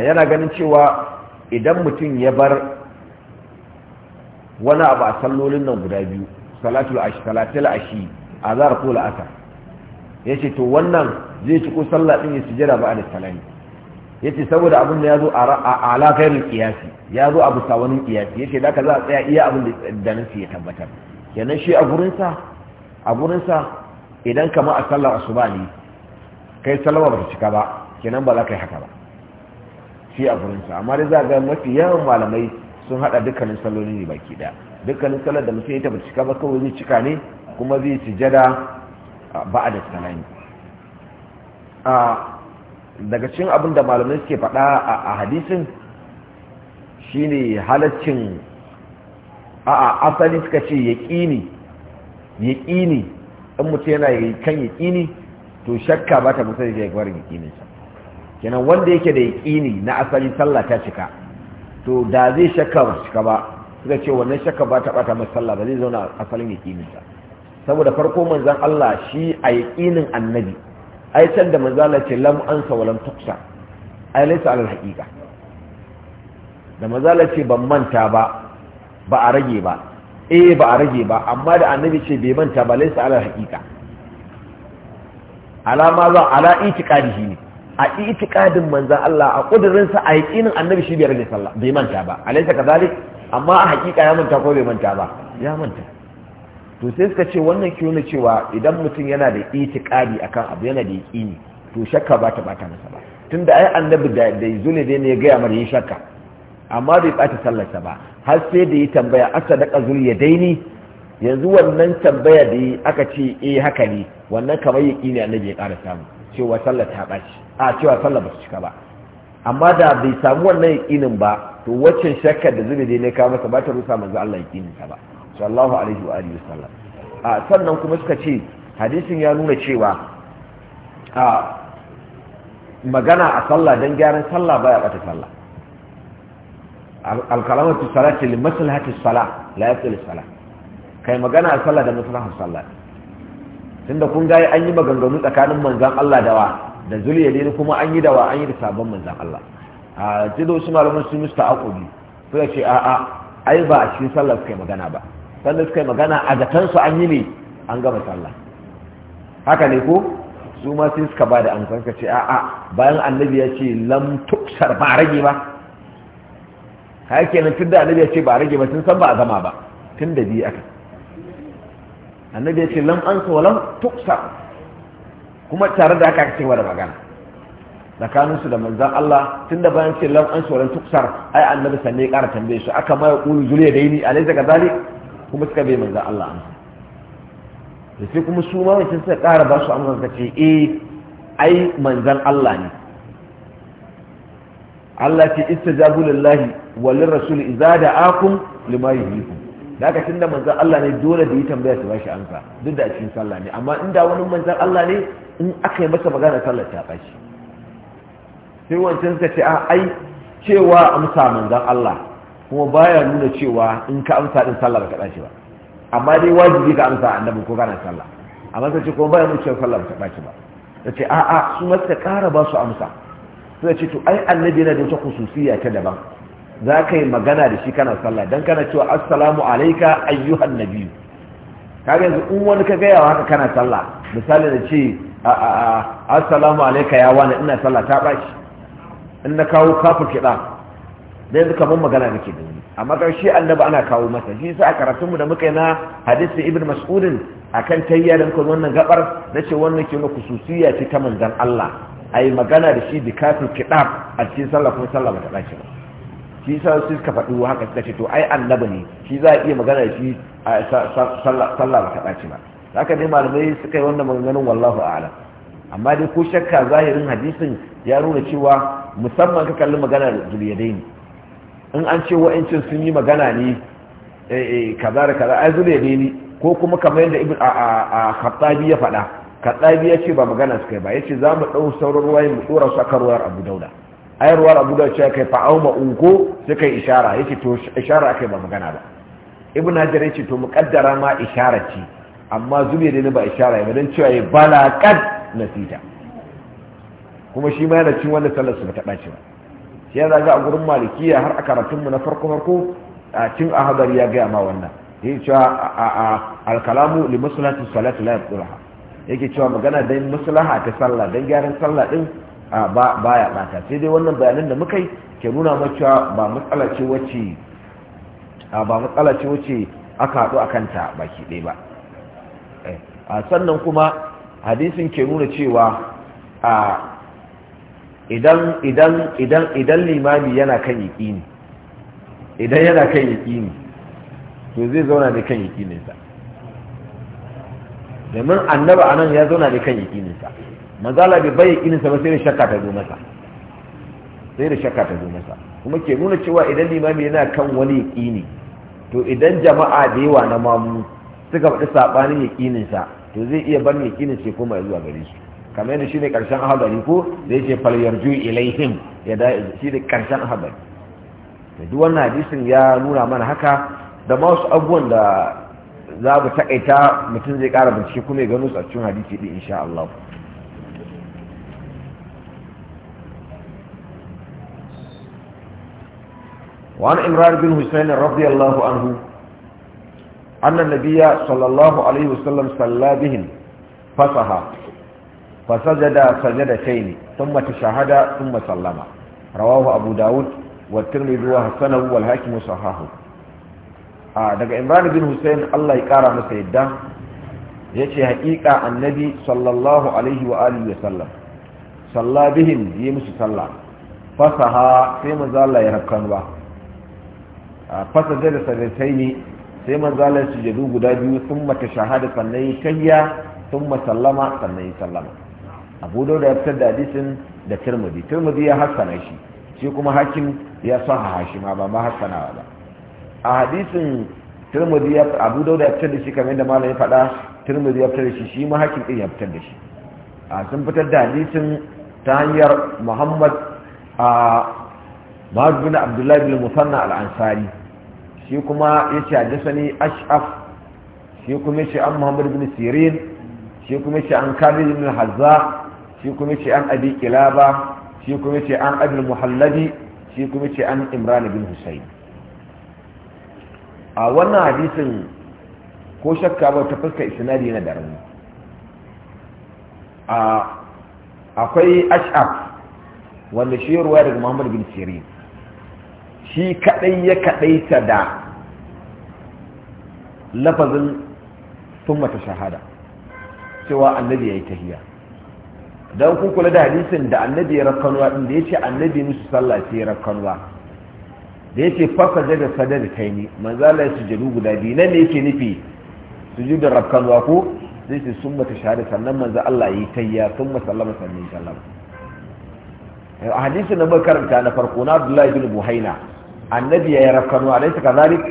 Speaker 1: yana ganin cewa idan mutum ya bar wani abu a sallolin nan guda biyu salatul ashi salatul ashi azhar ko la'asar ya ce to wannan zai ci ko sallah ɗin ya sujada ba da salami ya ce saboda abin da ya zo a alakairin kiyasi ya zo a bisa wani kiyasi ya ce da ka za a tsaya iya abin da nasi ya tabbatar kenan shi a gurinsa a gurinsa idan kama a sallar ba ne kai salama ba ta cika ba kenan ba za ka yi haka ba shi a gurinsa amma dai za ga mafi yawan malamai sun hada dukkanin salloli ne baki daya dukkanin sallar da mutum ya tabbata cika ba kawai zai cika ne kuma zai sujada da salami daga cikin abin da malamai suke faɗa a hadisin shi ne halaccin a asali suka ce yaƙini yaƙini in mutum yana kan yaƙini to shakka ba ta musa da ya gwarin yaƙininsa kenan wanda yake da yaƙini na asali sallah ta cika to da zai shakka ba ba suka ce wannan shakka ba ta ɓata masu sallah ba zai zauna asalin yaƙininsa saboda farko manzan Allah shi a yaƙinin annabi ai can da manzan Allah ce lam an wa walam tuksa ai laisa alal haqiqa da manzan Allah ce ban manta ba ba a rage ba eh ba a rage ba amma da annabi ce bai manta ba laisa alal haqiqa alama za ala shi ne a itiqadin manzan Allah a kudurin sa a yaƙinin annabi shi bai rage sallah bai manta ba alaysa kadhalik amma a haƙiƙa ya manta ko bai manta ba ya manta to sai suka ce wannan ke nuna cewa idan mutum yana da itikadi akan abu yana da yaqini to shakka ba ta bata masa ba tunda ai annabi da da zune ne ya gaya mara yin shakka amma bai bata sallarsa ba har sai da yi tambaya asadaka ya daini yanzu wannan tambaya da yi aka ce eh haka ne wannan kamar yaqini annabi ya ƙara samu cewa sallar ta baci a cewa sallar ba su cika ba amma da bai samu wannan yaqinin ba to waccan shakkar da da ne ka masa ba ta rusa manzo Allah ya ƙinin ba sallallahu alaihi wa alihi wasallam a sannan kuma suka ce hadisin ya nuna cewa a magana a sallah dan gyaran sallah baya bata sallah alkalamatu salati li maslahati salah la yaqul salah kai magana a sallah da maslahar sallah tunda kun ga an yi maganganu tsakanin manzon Allah da wa, da zuliyadi kuma an yi da wa an yi da sabon manzon Allah a jido su malamin su musta aqubi suka ce a a ai ba a cikin sallah kai magana ba sannan suka yi magana a gatansu an yi ne an gama sallah haka ne ko su ma sai suka ba da amsan ka ce a'a bayan annabi ya ce lam tuksar ba rage ba haka kenan tun da annabi ya ce ba rage ba sun san ba a gama ba tun da biyu aka annabi ya ce lam ansa wa lam tuksar kuma tare da aka cewa da magana su da manzan Allah tun da bayan ce lam ansa wa lam tuksar ai annabi sanne ya kara tambaye su aka mai ya kulu zuriya da yini alai daga zalik kuma suka bai manzan Allah amsa da sai kuma su ma wancan suka ƙara ba su amsa suka ce eh ai manzan Allah ne Allah ce jabu lillahi walin rasul da da lima yuhyikum da tun da manzan Allah ne dole da yi tambaya su bashi amsa duk da a cikin sallah ne amma inda wani manzan Allah ne in aka yi masa magana sallah ta bashi sai wancan suka ce a ah, ai cewa amsa manzan Allah kuma baya nuna cewa in ka amsa din sallah baka dace ba amma dai wajibi ka amsa annabi ko kana sallah amma sai ce kuma baya nuna cewa sallah baka dace ba sai a a su ma suka kara ba su amsa sai ce to ai annabi yana da wata khususiyya ta daban za ka yi magana da shi kana sallah dan kana cewa assalamu alayka ayyuhan nabiyyu kaga yanzu in wani ka gaya haka kana sallah misali da ce assalamu alayka ya wani ina sallah ta bashi in na kawo kafin kiɗa dai yanzu mun magana nake da wani amma kan shi annabi ana kawo masa shi sa a karatunmu da muka yi na hadisi ibn mas'udin akan tayya da muka wannan gabar na ce wannan ke muku susiya ce ta manzan Allah a yi magana da shi bi kafin kiɗaf a cikin sallah kuma sallah ta ba shi sa su suka faɗi haka suka ce to ai annabi ne shi za a iya magana da shi a sallah ba ta ɗaci ba haka dai malamai suka yi wannan maganganun wallahu a'lam amma dai ko shakka zahirin hadisin ya nuna cewa musamman ka kalli magana da zuliyadai ne in an ce wa'incin sun yi magana ne eh, eh, kaza da kaza ai zule ne ni ko kuma kamar yadda ibn a khattabi ya faɗa khattabi ya ce ba magana suka yi ba ya za mu ɗau sauran ruwa mu ɗora su akan ruwar abu dauda ai ruwar abu dauda ce kai fa'au ma'unko sai kai ishara ya to ishara aka ba magana ba ibn hajar ya ce to muƙaddara ma ishara ce amma zube ne ba ishara ba don cewa ya balaƙar nasita kuma shi ma yana cin wani sallar su ba ta ba sai yana ga a gurin malikiya har a karatunmu na farko farko a cin ahadar ya gaya ma wannan yake cewa a alkalamu li maslahati salatu la yaqulaha yake cewa magana dai maslaha ta sallah dan gyaran sallah din ba baya bata sai dai wannan bayanan da muka yi ke nuna ma cewa ba matsala ce wacce ba matsala ce wacce aka hadu a kanta baki ɗaya ba eh, a sannan kuma hadisin ke nuna cewa a idan idan idan idan limami yana kan yaƙini idan yana kan yaƙini to zai zauna ne kan yaƙininsa domin annaba anan ya zauna ne kan sa mazala bai bai yaƙininsa ba sai da shakka ta zo masa sai da shakka ta zo masa kuma ke nuna cewa idan limami yana kan wani yaƙini to idan jama'a da yawa na mamu suka faɗi saɓanin sa to zai iya bar yaƙinin ce kuma ya zuwa gare su kamar yadda shi ne karshen ahabari ko da yake falyar yarju ilaihim ya da ne karshen ahabari da duk wannan hadisin ya nuna mana haka da ma wasu abubuwan da za mu taƙaita mutum zai ƙara bincike kuma ya gano su a cikin hadisi ɗin insha Allah وعن إمران بن حسين رضي الله عنه أن النبي صلى الله عليه وسلم صلى بهم فصحى Sun mata فسجد سجدتين ثم تشهد ثم سلم رواه wa داود والترمذي وحسنه والحاكم صححه daga Imran bin Hussein Allah ya kara masa yadda yace haƙiƙa annabi sallallahu alaihi wa alihi wa sallam salla bihim yi musu salla fasaha sai manzo Allah ya rakkan ba fasa da sadataini sai manzo Allah ya sujudu guda biyu Sun mata shahada sannan ya tahiyya thumma sallama sannan ya sallama abu da ya fitar da hadisin da tirmidhi tirmidhi ya hassana shi shi kuma hakim ya sahaha shi ma ba ma hassanawa ba a hadisin tirmidhi ya abu da ya fitar da shi kamar yadda malam ya faɗa tirmidhi ya fitar da shi shi ma hakim din ya fitar da shi a sun fitar da hadisin ta hanyar muhammad a ma'ad bin abdullahi bin musanna al-ansari shi kuma ya ce hadisani ash'af shi kuma ya ce an muhammad bin sirin shi kuma ya ce an kabir bin hazza shi kuma ce an abi kilaba shi kuma ce an abin muhalladi shi kuma ce an imran bin husayn a wannan hadisin ko shakka ba ta fuska isnadi na da a akwai ash'af wanda shi ruwa daga muhammad bin sirin shi kadai ya kaɗaita da lafazin sun shahada cewa annabi ya yi tahiya don kun kula da hadisin da annabi ya rakkanuwa din da yace annabi musu sallah sai ya rakkanuwa da yace fasa daga sadar kai ni manzo Allah ya sujudu guda biyu nan ne yake nufi sujudu rakkanuwa ko zai ce sun mata shahada sannan manzo Allah ya yi tayya sun masallama sannan sallam eh, a hadisin da bai karanta na farko na Abdullahi bin Buhaina annabi ya yi rakkanuwa dai saka zalik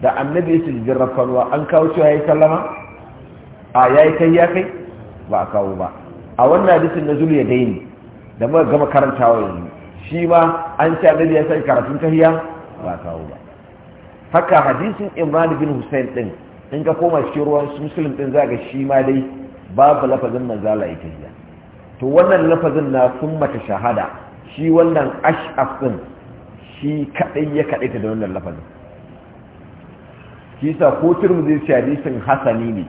Speaker 1: da annabi ya sujudu rakkanuwa an kawo cewa ya yi sallama a ya yi tayya kai ba a kawo ba a wannan hadisin na zulu ya daini da muka gama karantawa yanzu shi ma an ci annabi ya sai karatun tahiya ba kawo ba haka hadisin imran bin hussein din in ka koma cikin ruwan muslim din za ga shi ma dai babu lafazin manzala ya tahiya to wannan lafazin na mace shahada shi wannan ash'af din shi kadai ya kadai ta da wannan lafazin kisa ko turmi zai ci hadisin hasani ne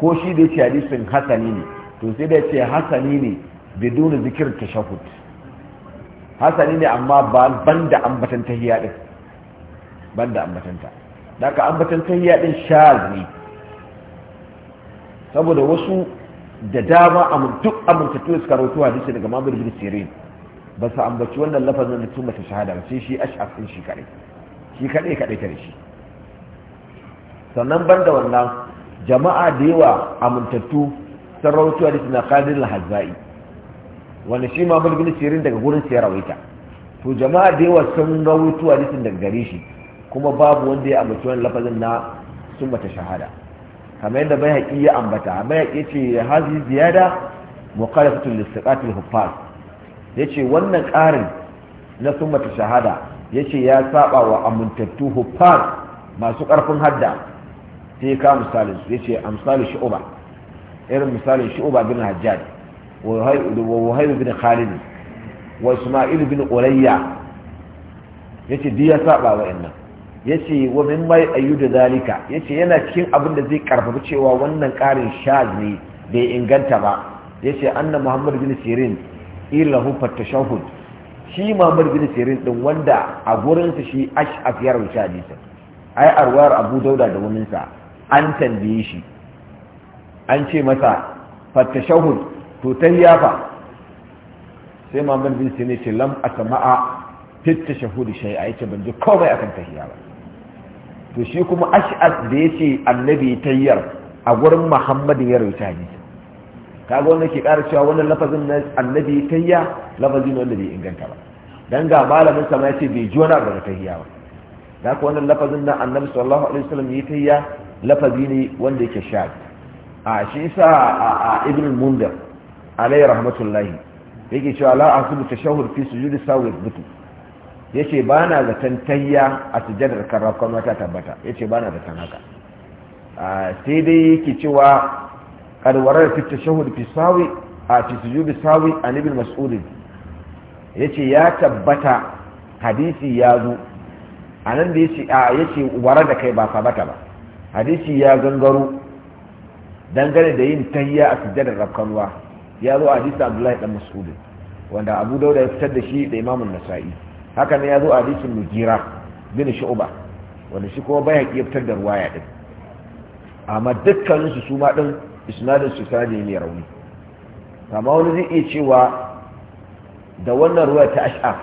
Speaker 1: ko shi da ya ci hadisin hasani ne to sai da ce hasani ne bidun zikir tashahhud hasani ne amma banda ambatan tahiyya din banda ambatan ta daga ambatan tahiyya din shazi saboda wasu da dama amun duk amintattu suka rawaito hadisi daga Mamir bin Sirin ba su ambaci wannan lafazin da tuma ta shahada ba sai shi ash'af din shi kadai shi kadai kadai ta shi sannan banda wannan jama'a da yawa amintattu sun rawaito hadisi na Khalid al-Hazza'i wanda shi ma bulgin sirin daga gurin sai rawaita to jama'a da yawa sun rawaito hadisin daga gare shi kuma babu wanda ya ambaci wani lafazin na summa ta shahada kamar yadda bai haƙi ya ambata bai haƙi ce hazi ziyada muqalafatul listiqatil huffaz yace wannan ƙarin na summa shahada yace ya saba wa amintattu huffaz masu ƙarfin hadda sai ka misalin su yace amsalu shu'ba irin misalin shu'uba bin hajjaj wa wahayr bin khalid wa isma'il bin ulayya yace di ya saba inna yace wa min mai da zalika yace yana cikin abin da zai karfafa cewa wannan karin shaz ne bai inganta ba yace anna muhammad bin sirin ilahu fatashahud shi muhammad bin sirin din wanda a gurin sa shi ash'af ya rawaita hadisin ai arwayar abu dauda da wuninsa an tambaye shi an ce masa fattashahud to tahiyya fa sai Mamban bin sine ce lam asma'a fitta shahudi a yace ban ji komai akan ta ba to shi kuma ash'as da ya ce annabi tayyar a wurin muhammadin ya rawaita Ka ga wanda ke ƙara cewa wannan lafazin na annabi tayya lafazin ne wanda bai inganta ba dan ga malamin sama ma yace bai ji wani abu daga tayya ba da haka wannan lafazin na annabi sallallahu alaihi wasallam yi tayya lafazi ne wanda yake shad a shi sa a ibn mundar alayhi rahmatullahi yake cewa la ahsubu tashahhud fi sujudi sawi butu yace ba na zaton tayya a sujadar karrakon wata tabbata yace ba na zaton haka sai dai yake cewa kadwarar fi tashahhud fi sawi a fi sujudi sawi an ibn mas'ud yace ya tabbata hadisi ya zo anan da yace a yace da kai ba sabata ba hadisi ya gangaro dangane da yin tayya a sujjadar rakkanuwa ya zo a hadisi abdullahi dan mas'ud wanda abu dauda ya fitar da shi da imamun nasa'i haka ne ya zo a hadisin mujira bin shu'ba wanda shi kuma baya iya fitar da ruwaya din amma dukkanin su su ma din isnadin su sanadi ne rauni amma wani zai iya cewa da wannan ruwa ta ash'af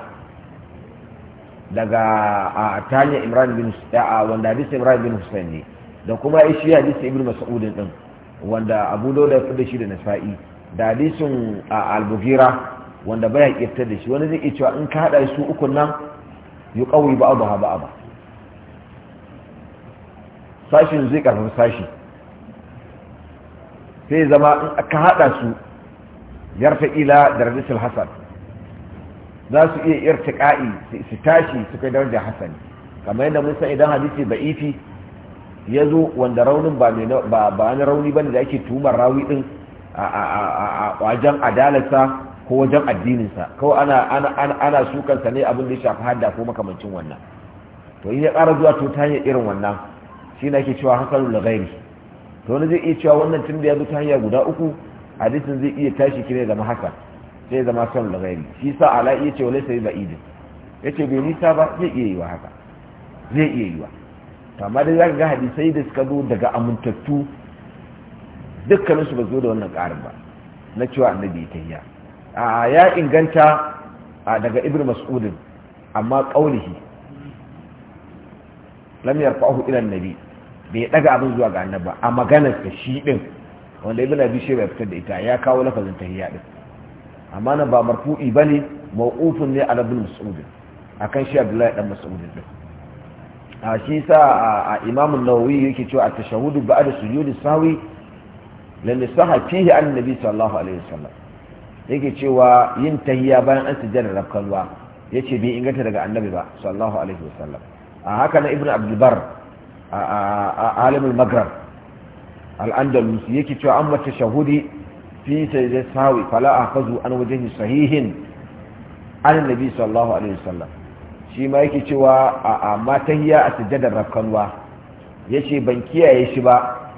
Speaker 1: daga a tanya imran bin sa'a wanda hadisi imran bin husayn ne da kuma ishi hadisi ibnu mas'ud din wanda abu dauda ya da shi da nasa'i da hadisin a bugira wanda baya kirtar da shi wani zai cewa in ka hada su uku nan yi kawai ba abu ba abu sashin zai karfafa sashi sai zama in ka hada su yarta ila darajatul hasan za su iya irtiqa'i su tashi su kai darajar hasani kamar yadda mun san idan hadisi baifi ya zo wanda raunin ba wani rauni bane da ake tumar rawi din a wajen adalarsa ko wajen addininsa kawai ana sukansa ne abin da ya shafi hadda ko makamancin wannan to in ya ƙara zuwa to ta hanyar irin wannan shi na ke cewa hasanul ghairi to wani zai iya cewa wannan tun da ya zo ta hanya guda uku hadisin zai iya tashi kire zama haka sai zama son lagari shi sa ala iya ce wale sai ba idin ya ce bai nisa ba zai iya yi wa haka zai iya yi wa amma dai zaka ga hadisai da suka zo daga amintattu dukkaninsu ba zo da wannan ƙarin ba na cewa annabi ya tahiyya a ya inganta daga ibnu mas'udin amma qaulihi lam yarfa'uhu ila annabi bai daga abin zuwa ga annabi a maganar ta shi din wanda ibnu abi ya fitar da ita ya kawo lafazin tahiyya din amma na ba marfu'i bane mawqufun ne ala ibnu mas'udin akan shi abdullahi dan mas'udin din a shi sa a imamun nawawi yake cewa a tashahudu ba da sujudi sawi la nisaha fihi an nabi sallallahu alaihi wasallam yake cewa yin tahiyya bayan an sujjada rabkalwa yace bai inganta daga annabi ba sallallahu alaihi wasallam a haka na ibnu abdul bar a alimul maghrib al-andalus yake cewa amma tashahudi fi sayyid sawi fala ahfazu an wajhi sahihin an nabi sallallahu alaihi wasallam shi ma yake cewa a amma tahiya a sujjadar Ya ce ban kiyaye shi ba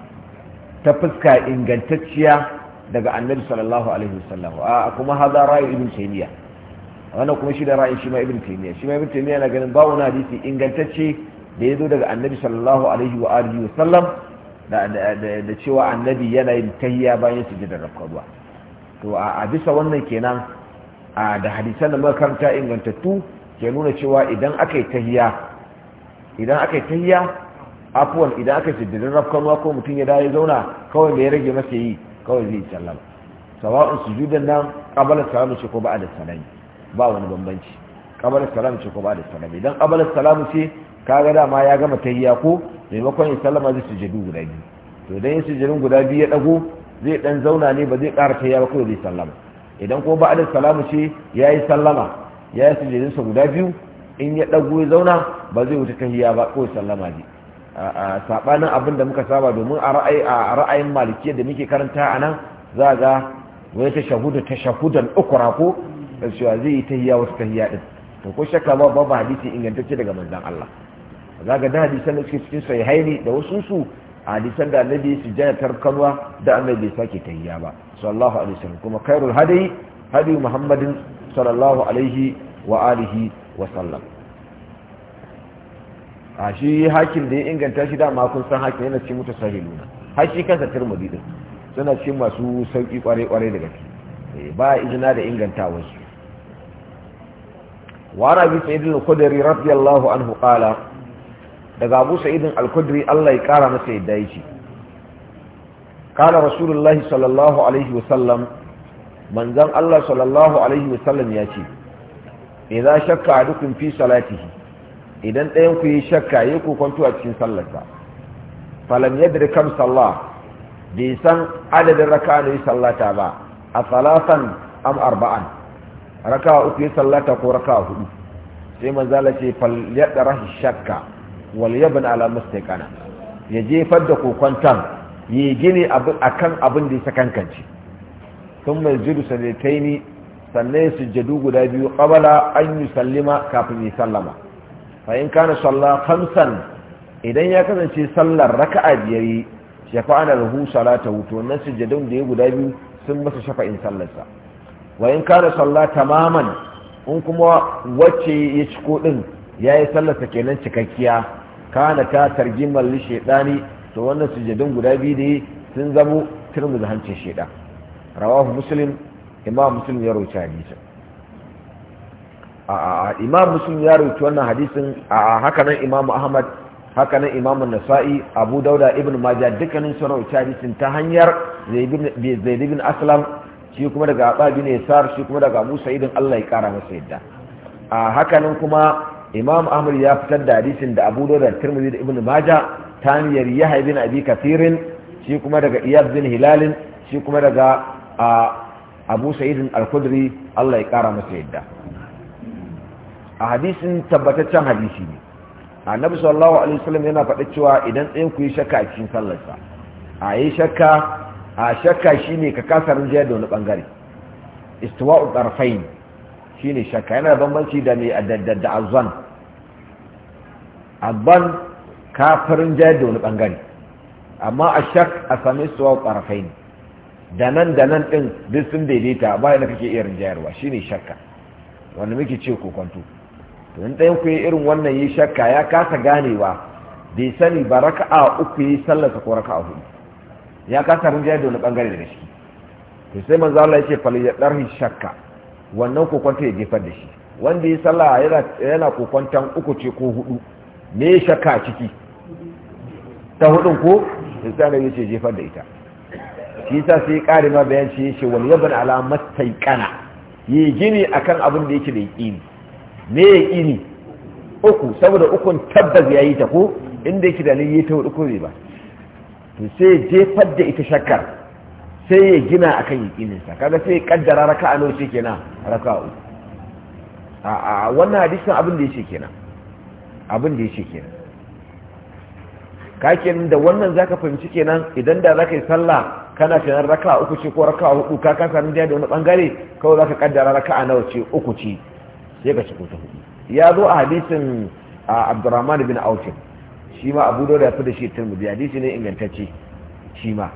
Speaker 1: ta fuska ingantacciya daga annabi sallallahu alaihi wasallam a kuma haza ra'ayin ibn taymiya wannan kuma shi da ra'ayin shi ma ibn taymiya shi ma ibn taymiya na ganin bawo na hadisi ingantacce da ya zo daga annabi sallallahu alaihi wa alihi wasallam da cewa annabi yana yin tahiya bayan sujjadar rafkanwa to a bisa wannan kenan a da hadisan da muka karanta ingantattu ke nuna cewa idan aka yi tahiya idan aka yi tahiya afuwan idan aka yi dirin rafkarwa ko mutum ya dawo zauna kawai da ya rage masa yi kawai zai sallama sawa'un sujudan nan qabala salamu ce ko ba da salami ba wani bambanci qabala salamu ce ko ba da salami idan qabala salamu ce kaga dama ya gama tahiya ko maimakon ya sallama zai sujudu guda biyu to idan ya sujudin guda biyu ya dago zai dan zauna ne ba zai ƙara tahiya ba kawai zai sallama idan ko ba da salamu ce yayi sallama ya yi sa guda biyu in ya ɗago ya zauna ba zai wuce tahiya ba kawai sallama ne a saɓanin abin da muka saba domin a ra'ayin malikiyar da muke karanta a nan za a ga wani tashahudu tashahudan ukura ko cewa zai yi tahiya wasu tahiya din to ko shakka ba babu hadisi ingantacce daga manzan Allah za ga da hadisan da suke cikin sai haini da wasu su a hadisan da annabi su jana tarkanwa da annabi sake tahiya ba sallallahu alaihi wasallam kuma kairul hadayi hadi muhammadin sallallahu alaihi a shi hakim da ya inganta shi dama kun san hakim yana cikin mutu sahiluna har shi kansa turmudi din suna cikin masu sauki kware-kware daga ciki eh, ba izina da inganta wasu wa rabi sayyidin al-qudri radiyallahu anhu qala daga busa idin al-qudri Allah ya kara masa yadda yake qala rasulullahi sallallahu alaihi wa sallam manzon Allah sallallahu alaihi wasallam ya ce idza shakka ahadukum fi salatihi idan ɗayan ku yi shakka yi ku a cikin sallarsa falam yadri kam sallah bai san adadin raka'a yi sallata ba a salasan am arba'an raka'a uku ya sallata ko raka'a hudu sai manzala ce fal yadra shakka wal yabn ala mustaqana ya jefar da kokwantan yi gini akan abin da ya sakankance sun mai jiru sanataini sannan sujjadu guda biyu qabala an yi sallima kafin yi sallama fa in kana salla khamsan idan ya kasance sallar raka'a biyar yi shafa'an alhu salata to nan sujjadun da ya guda biyu sun masa shafa'in sallarsa wa in kana salla tamaman in kuma wacce ya ciko din yayi sallarsa kenan cikakkiya kana ta tarjimal li shaytani to wannan sujjadun guda biyu da sun zamo turmuzi da hancin shaytani rawahu muslim imam muslim ya rauci hadisin a imam muslim ya rauci wannan hadisin a hakanan imam ahmad hakanan imam nasa'i abu dauda ibn majah dukkanin sun rauci hadisin ta hanyar zaid ibn aslam shi kuma daga ababi ne sar shi kuma daga musa ibn allah ya kara masa yadda a hakanan kuma imam ahmad ya fitar da hadisin da abu dauda tirmidhi da ibn majah ta hanyar yahya bin abi kathirin shi kuma daga iyad bin hilalin shi kuma daga a abu sa'idin al-kudri Allah ya kara masa yadda a hadisin tabbataccen hadisi ne annabi sallallahu alaihi wasallam yana faɗa cewa idan tsayin ku yi shakka a cikin sallarsa a yi shakka a shakka shine ka kasa rinjaya da wani bangare istiwa'u tarfain shine shakka yana bambanci da mai da azan abban kafirin jayar da wani bangare amma a shak a sami istiwa'u tarfain da nan da nan ɗin duk sun daidaita ba da kake iya rinjayarwa shine shakka wanda muke ce ko kwanto to in ɗayan ku yi irin wannan yi shakka ya kasa ganewa bai sani ba raka a uku yi sallarsa ko a hudu ya kasa rinjayar da wani ɓangare daga ciki to sai manzo Allah ya ce ya yadarhi shakka wannan ko kwanto ya jefar da shi wanda yi sallah yana yana ko kwantan uku ce ko hudu me shakka ciki ta hudun ko sai ya ce jefar da ita shi sa sai kare ma bayan shi wani wal alamar ala ƙana. yi gini kan abin da yake da yaqini me ƙini uku saboda ukun tabbas yayi ta ko inda yake da ya ta uku ne ba to sai jefar da ita shakkar sai ya gina a kan sa kaga sai kaddara a nawa ce kenan a uku a wannan hadisin abin da yake kenan abin da yake kenan kakin da wannan zaka fahimci kenan idan da zaka yi sallah kana tunanin raka uku ce ko raka hudu ka kasa samu da wani bangare kawai za ka kaddara raka nawa ce uku ce sai ka ci kuta hudu ya zo a hadisin abdurrahman bin autin shi ma abu da ya fi da shi turmudi hadisi ne ingantacce shi ma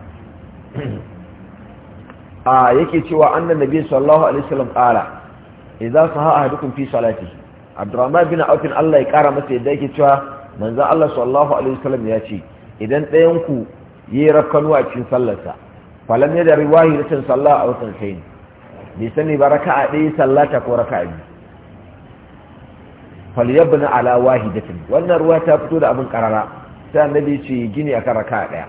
Speaker 1: a yake cewa annan nabi sallallahu alaihi wasallam qala idza saha ahadukum fi salati abdurrahman bin autin Allah ya kara masa yadda yake cewa manzo Allah sallallahu alaihi wasallam ya ce idan ɗayan ku yi rakkanuwa cikin sallarsa falam ya da riwayi da cin sallah a wasan shayin bai sani ba raka a ɗaya sallata ko raka a biyu falyabna ala wahidatin wannan ruwa ta fito da abin karara sai annabi ce gini kan raka a ɗaya.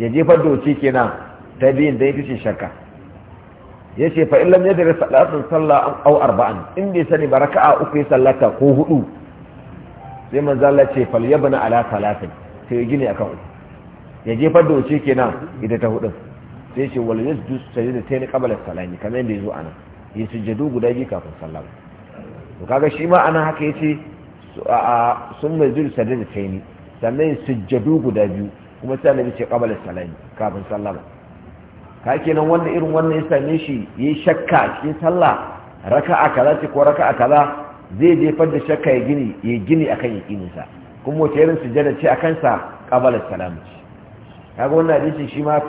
Speaker 1: ya jefar da wuce kenan ta biyan da yake shakka ce fa illam yadri sallah salla au arba'an in bai sani ba a uku ya sallata ko hudu sai manzo Allah ce falyabna ala salatin sai gini akan uku ya jefar da wuce kenan idan ta hudu sai ce wal yasjudu sajdatayn qabla salami kamar yadda yazo ana yin sujjadu guda biyu kafin sallama to kaga shi ma ana haka yace sun mai zuri sajdatayn sannan sujjadu guda biyu kuma sai annabi ce qabla salami kafin sallama ka kenan wanda irin wannan ya same shi yi shakka a cikin sallah raka'a kaza ce ko raka'a kaza zai jefar da shakka ya gini ya gini akan sa kuma wace irin sujjada ce akan sa qabla salami kaga wannan hadisi shi ma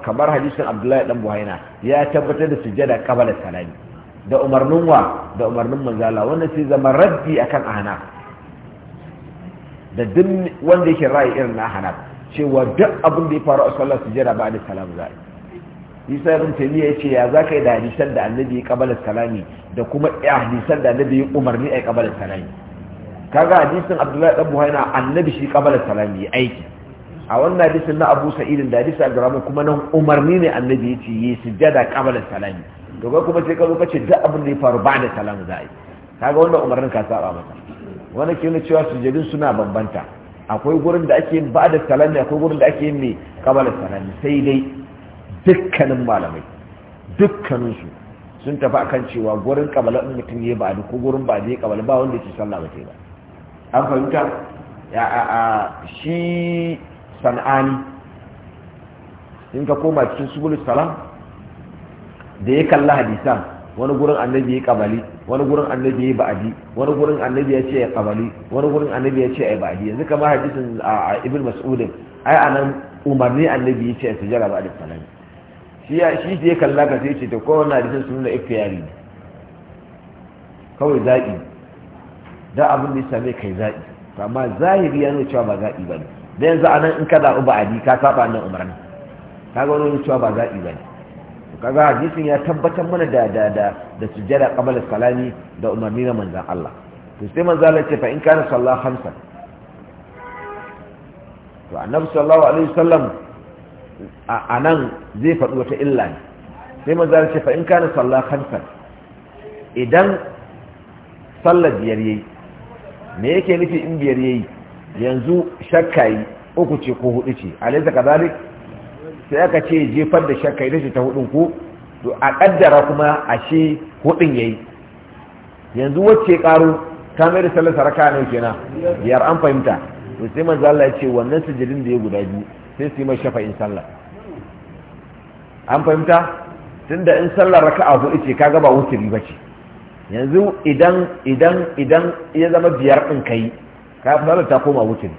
Speaker 1: kamar hadisin abdullahi dan buhaina ya tabbatar da sujada qabala salami da umarnin wa da umarnin manzala wannan sai zama rabbi akan ahana da duk wanda yake ra'ayi irin na ahana cewa duk abin da ya faru a sallar sujada ba da salamu za'i isa ibn taymiya yace ya zaka yi da hadisan da annabi ya qabala salami da kuma hadisan da annabi ya umarni ai qabala salami kaga hadisin abdullahi dan buhaina annabi shi qabala salami aiki a wannan hadisin na Abu Sa'id da al Abdurrahman kuma nan umarni ne annabi ce yi sujada qabla salami to ga kuma sai ka zo kace duk abin da ya faru ba da salamu za a yi kaga wannan umarnin ka saba mata wannan ke nuna cewa sujadin suna bambanta akwai gurin da ake ba da salami akwai gurin da ake yin ne qabla salami sai dai dukkanin malamai dukkanin su sun tafi akan cewa gurin kabala in mutum ya da ko gurin ba ya kabala ba wanda ke sallah ba yi ba an fahimta ya a shi san'ani in ka koma cikin subul salam da ya kalla hadisan wani gurin annabi ya kabali wani gurin annabi ya ba'adi wani gurin annabi ya ce ya kabali wani gurin annabi ya ce ya ba'adi yanzu kama hadisin a ibn mas'udin ai a nan umarni annabi ya ce ya sujara ba da salami shi ya ya kalla ka sai ce ta kowa na hadisin sun nuna ikhtiyari kawai zaɓi da abin da ya same kai zaɓi amma zahiri ya nuna cewa ba zaɓi ba ne da yanzu a nan in ka zaɓi ba'adi ka saba nan umarni ka ga wani cewa ba zaɓi ba ne kaga hadisin ya tabbatar mana da da da da sujjada da salami da umarni na manzon Allah to sai manzon Allah ce fa in kana sallah hamsan to annabi sallallahu alaihi wasallam a nan zai faɗi wata illa ne sai manzon Allah ce fa in kana sallah hamsan idan sallar biyar yayi me yake nufi in biyar yayi yanzu shakka uku ce ko hudu ce ka kazalik sai aka ce jefar da shakka ita ta hudun ko to a kaddara kuma a ashe hudun yi, yanzu wacce karo ta mai da sallar saraka ne na, biyar an fahimta to sai manzo Allah ya ce wannan sujudin da ya guda biyu sai su yi mai shafa'in sallah an fahimta tunda in sallar a hudu ce kaga ba wuturi bace yanzu idan idan idan ya zama biyar din kai ka fara ta koma wucin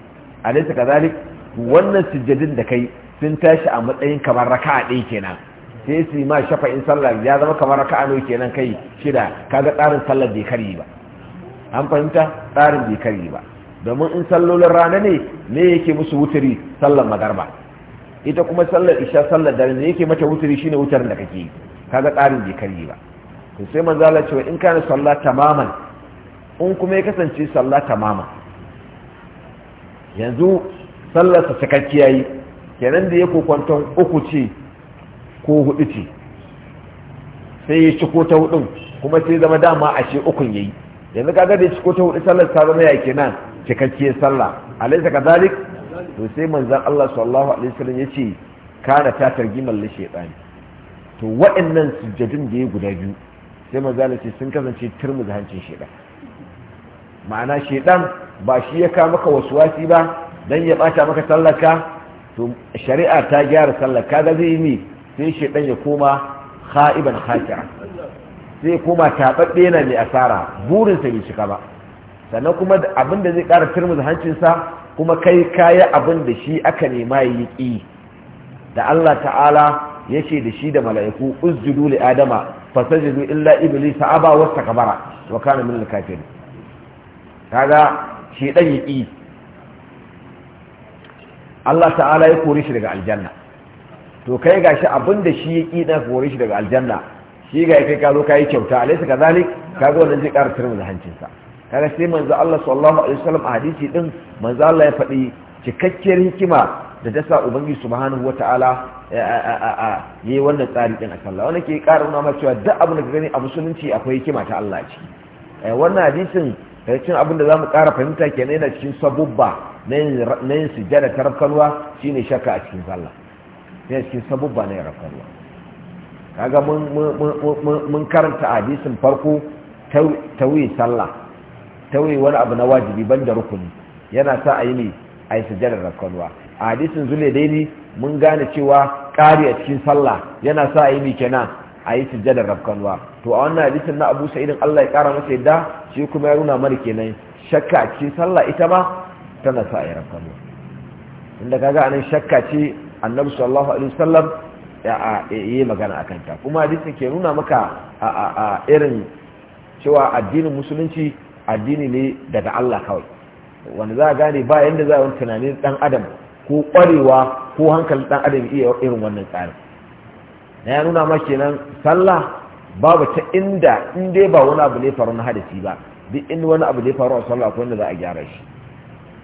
Speaker 1: ka zalik wannan sujjadin da kai sun tashi a matsayin kamar a ɗaya kenan sai su ma shafa'in sallar ya zama kamar a nawa kenan kai shida kaga tsarin sallar bai kari ba an fahimta tsarin bai kari ba domin in sallolin rana ne me yake musu wuturi sallar magarba ita kuma sallar isha sallar dare ne yake mata wuturi shine wutar da kake kaga tsarin bai kari ba to sai manzo Allah cewa in kana sallah tamaman in kuma ya kasance sallah tamaman yanzu sallarsa cikakkiya yi kenan da ya kokwanton uku ce ko hudu ce sai ya ciko ta hudun kuma sai zama dama ashe ukun yayi yanzu kaga da ya ciko ta hudu sallar ta zama ya kenan cikakkiyar sallah alaysa kadhalik to sai manzan Allah sallallahu alaihi wasallam ce kana ta targi li shaytani to waɗannan sujjadin da ya guda biyu sai manzon Allah sun kasance turmu da hancin shaytani ma'ana shi dan ba shi ya ka maka wasi ba dan ya bata maka sallaka to shari'a ta gyara sallaka da zai ne sai shi dan ya koma kha'iban khati'a sai koma tabadde na mai asara burin sa bai cika ba sannan kuma abin da zai kara hancin sa kuma kai kaya abin da shi aka nema yi ki da Allah ta'ala ya da shi da mala'iku uzjudu li adama fasajidu illa iblis aba wasta kabara wa kana min al-kafirin kaga shi dan yi Allah ta'ala ya kore shi daga aljanna to kai gashi abinda shi ya ƙi dan kore shi daga aljanna shi ga kai ka zo kai kyauta alaysa kazalik kaga wannan zai ƙara turmi da hancinsa kaga sai manzo Allah sallallahu alaihi wasallam a hadisi din manzo Allah ya faɗi cikakkiyar hikima da ta sa ubangi subhanahu wata'ala a yi wannan tsari din a sallah wanda ke ƙara nuna ma cewa duk abin da ka gani a musulunci akwai hikima ta Allah ciki eh, wannan hadisin daga eh, cin abin da za mu ƙara fahimta kenan yana cikin sabubba na yin sujjada ta rafkarwa shine shakka a cikin sallah a cikin sabubba na yin rafkarwa kaga mun karanta hadisin farko ta wuyi sallah ta wuyi wani abu na wajibi ban da rukuni yana sa a yi ne a yi sujjadar rafkarwa a hadisin zule daidai mun gane cewa ƙari a cikin sallah yana sa a yi ne kenan a yi sujjadar ba to a wannan hadisin na abu sa'idin allah ya kara masa yadda shi kuma ya nuna mana kenan shakka ce sallah ita ma tana sa a yi ba inda ga anan shakka ce annabi sallallahu alaihi wasallam ya yi magana a kanta kuma hadisin ke nuna maka a irin cewa addinin musulunci addini ne daga allah kawai wanda za a gane ba yadda za a wani tunanin dan adam ko kwarewa ko hankalin dan adam iya irin wannan tsarin na ya nuna ma kenan sallah babu ta inda in dai ba wani abu ne faru na hadisi ba duk inda wani abu ne faru a sallah akwai wanda za a gyara shi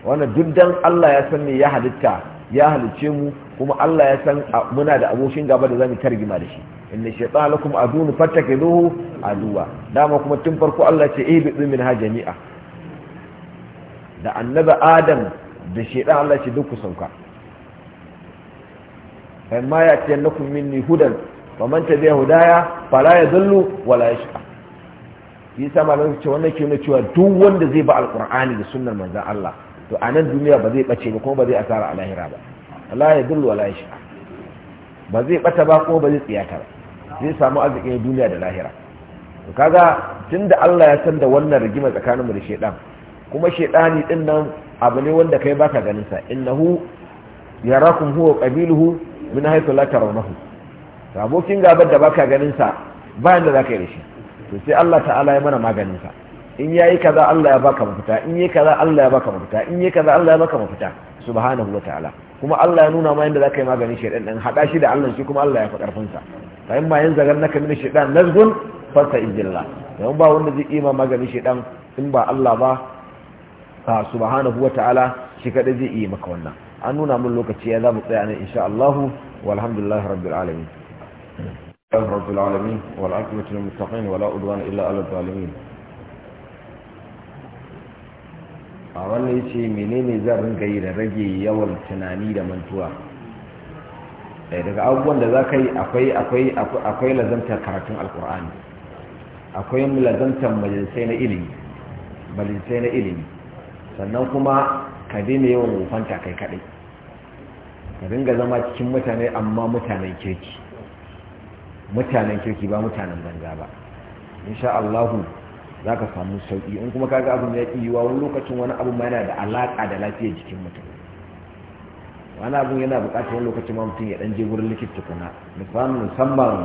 Speaker 1: wannan duk dan Allah ya san me ya halitta ya halice mu kuma Allah ya san muna da abokin gaba da zamu targima da shi inna shaytana lakum adun fattakiduhu aduwa dama kuma tun farko Allah ce eh bidu min jami'a da annaba adam da shaytan Allah ce duk ku sauka amma ya ce na kun minni hudan wa man tabi'a hudaya fala ya zallu wala yashqa yi sama nan ce wannan ke nuna cewa duk wanda zai ba alqur'ani da sunnar manzan Allah to a nan duniya ba zai bace ba kuma ba zai asara a lahira ba Allah ya dullu wala yashqa ba zai bata ba kuma ba zai tsiyata ba zai samu arzikin duniya da lahira to kaga tunda Allah ya san da wannan rigima tsakaninmu da shedan kuma shedani din nan abu ne wanda kai baka ganin sa innahu yarakum huwa qabiluhu min haythu la tarawnahu abokin gabar da baka ganin sa bayan da zaka yi shi to sai Allah ta'ala ya mana maganin sa in yayi kaza Allah ya baka mafita in yayi kaza Allah ya baka mafita in yayi kaza Allah ya baka mafita subhanahu wa ta'ala kuma Allah ya nuna ma yanda zaka yi maganin shaytan din hada shi da Allah shi kuma Allah ya fi karfin sa fa in ma zagar naka min shaytan nazgun ta ijilla yan ba wanda zai ima maganin shaytan in ba Allah ba subhanahu wa ta'ala shi kada zai iya maka wannan an nuna mun lokaci ya za mu tsaya nan insha Allah walhamdulillah rabbil alamin رب العالمين والعاقبة للمتقين ولا عدوان إلا على الظالمين a wannan ya ce menene zan rinka yi da rage yawan tunani da mantuwa eh, daga abubuwan da za ka yi akwai akwai lazantar karatun alkur'ani akwai lazantar majalisai na ilimi sannan kuma ka daina yawan wofanta kai kadai ka dinga zama cikin mutane amma mutanen kirki mutanen kirki ba mutanen banza ba insha Allahu za ka samu sauƙi in kuma kaga abin ya wa wani lokacin wani abin ma yana da alaƙa da lafiyar jikin mutum wani abin yana buƙatar wani lokacin ma mutum ya ɗan je wurin likita kuna musamman musamman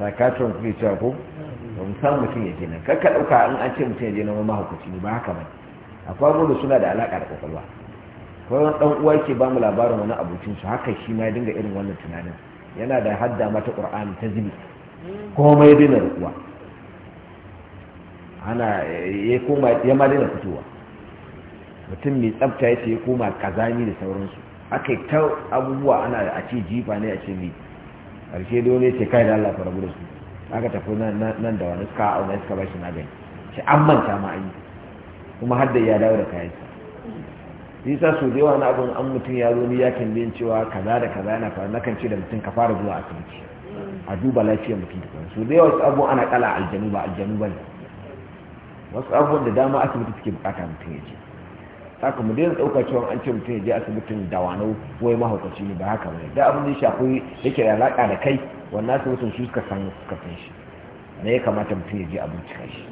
Speaker 1: sakatron kuke cewa ko musamman mutum ya je nan kakka ɗauka in an ce mutum ya je nan wani mahaukaci ne ba haka ba akwai abubuwan da suna da alaƙa da kwakwalwa wani ɗan uwa yake ba mu labarin wani abokinsu haka shi ma ya dinga irin wannan tunanin yana da hadda mata ƙur'ani ta zibi komai daina rukuwa ana ya koma ya ma daina fitowa mutum mai tsafta ya ce ya koma kazami da sauransu aka yi ta abubuwa ana a ce jifa ne a ce mai ƙarshe da wani ce kai da Allah rabu da su aka tafi nan da wani suka auna suka ba shi magani shi an manta ma an yi kuma hadda ya dawo da kayan sa yasa da wani na abin an mutum ya zo ni ya tambayin cewa kaza da kaza yana faru nakan ce da mutum ka fara zuwa asibiti a duba lafiyar mutum da so da yawa wasu abu ana kala aljanu ba aljanu ba ne wasu abubuwan da dama asibiti suke bukata mutum ya je haka mu daina dauka cewa an ce mutum ya je asibitin dawanau wai mahaukaci ne ba haka ba ne da abin da ya shafi yake da alaka da kai wannan asibitin su suka san suka san shi ne ya kamata mutum ya je a bincika shi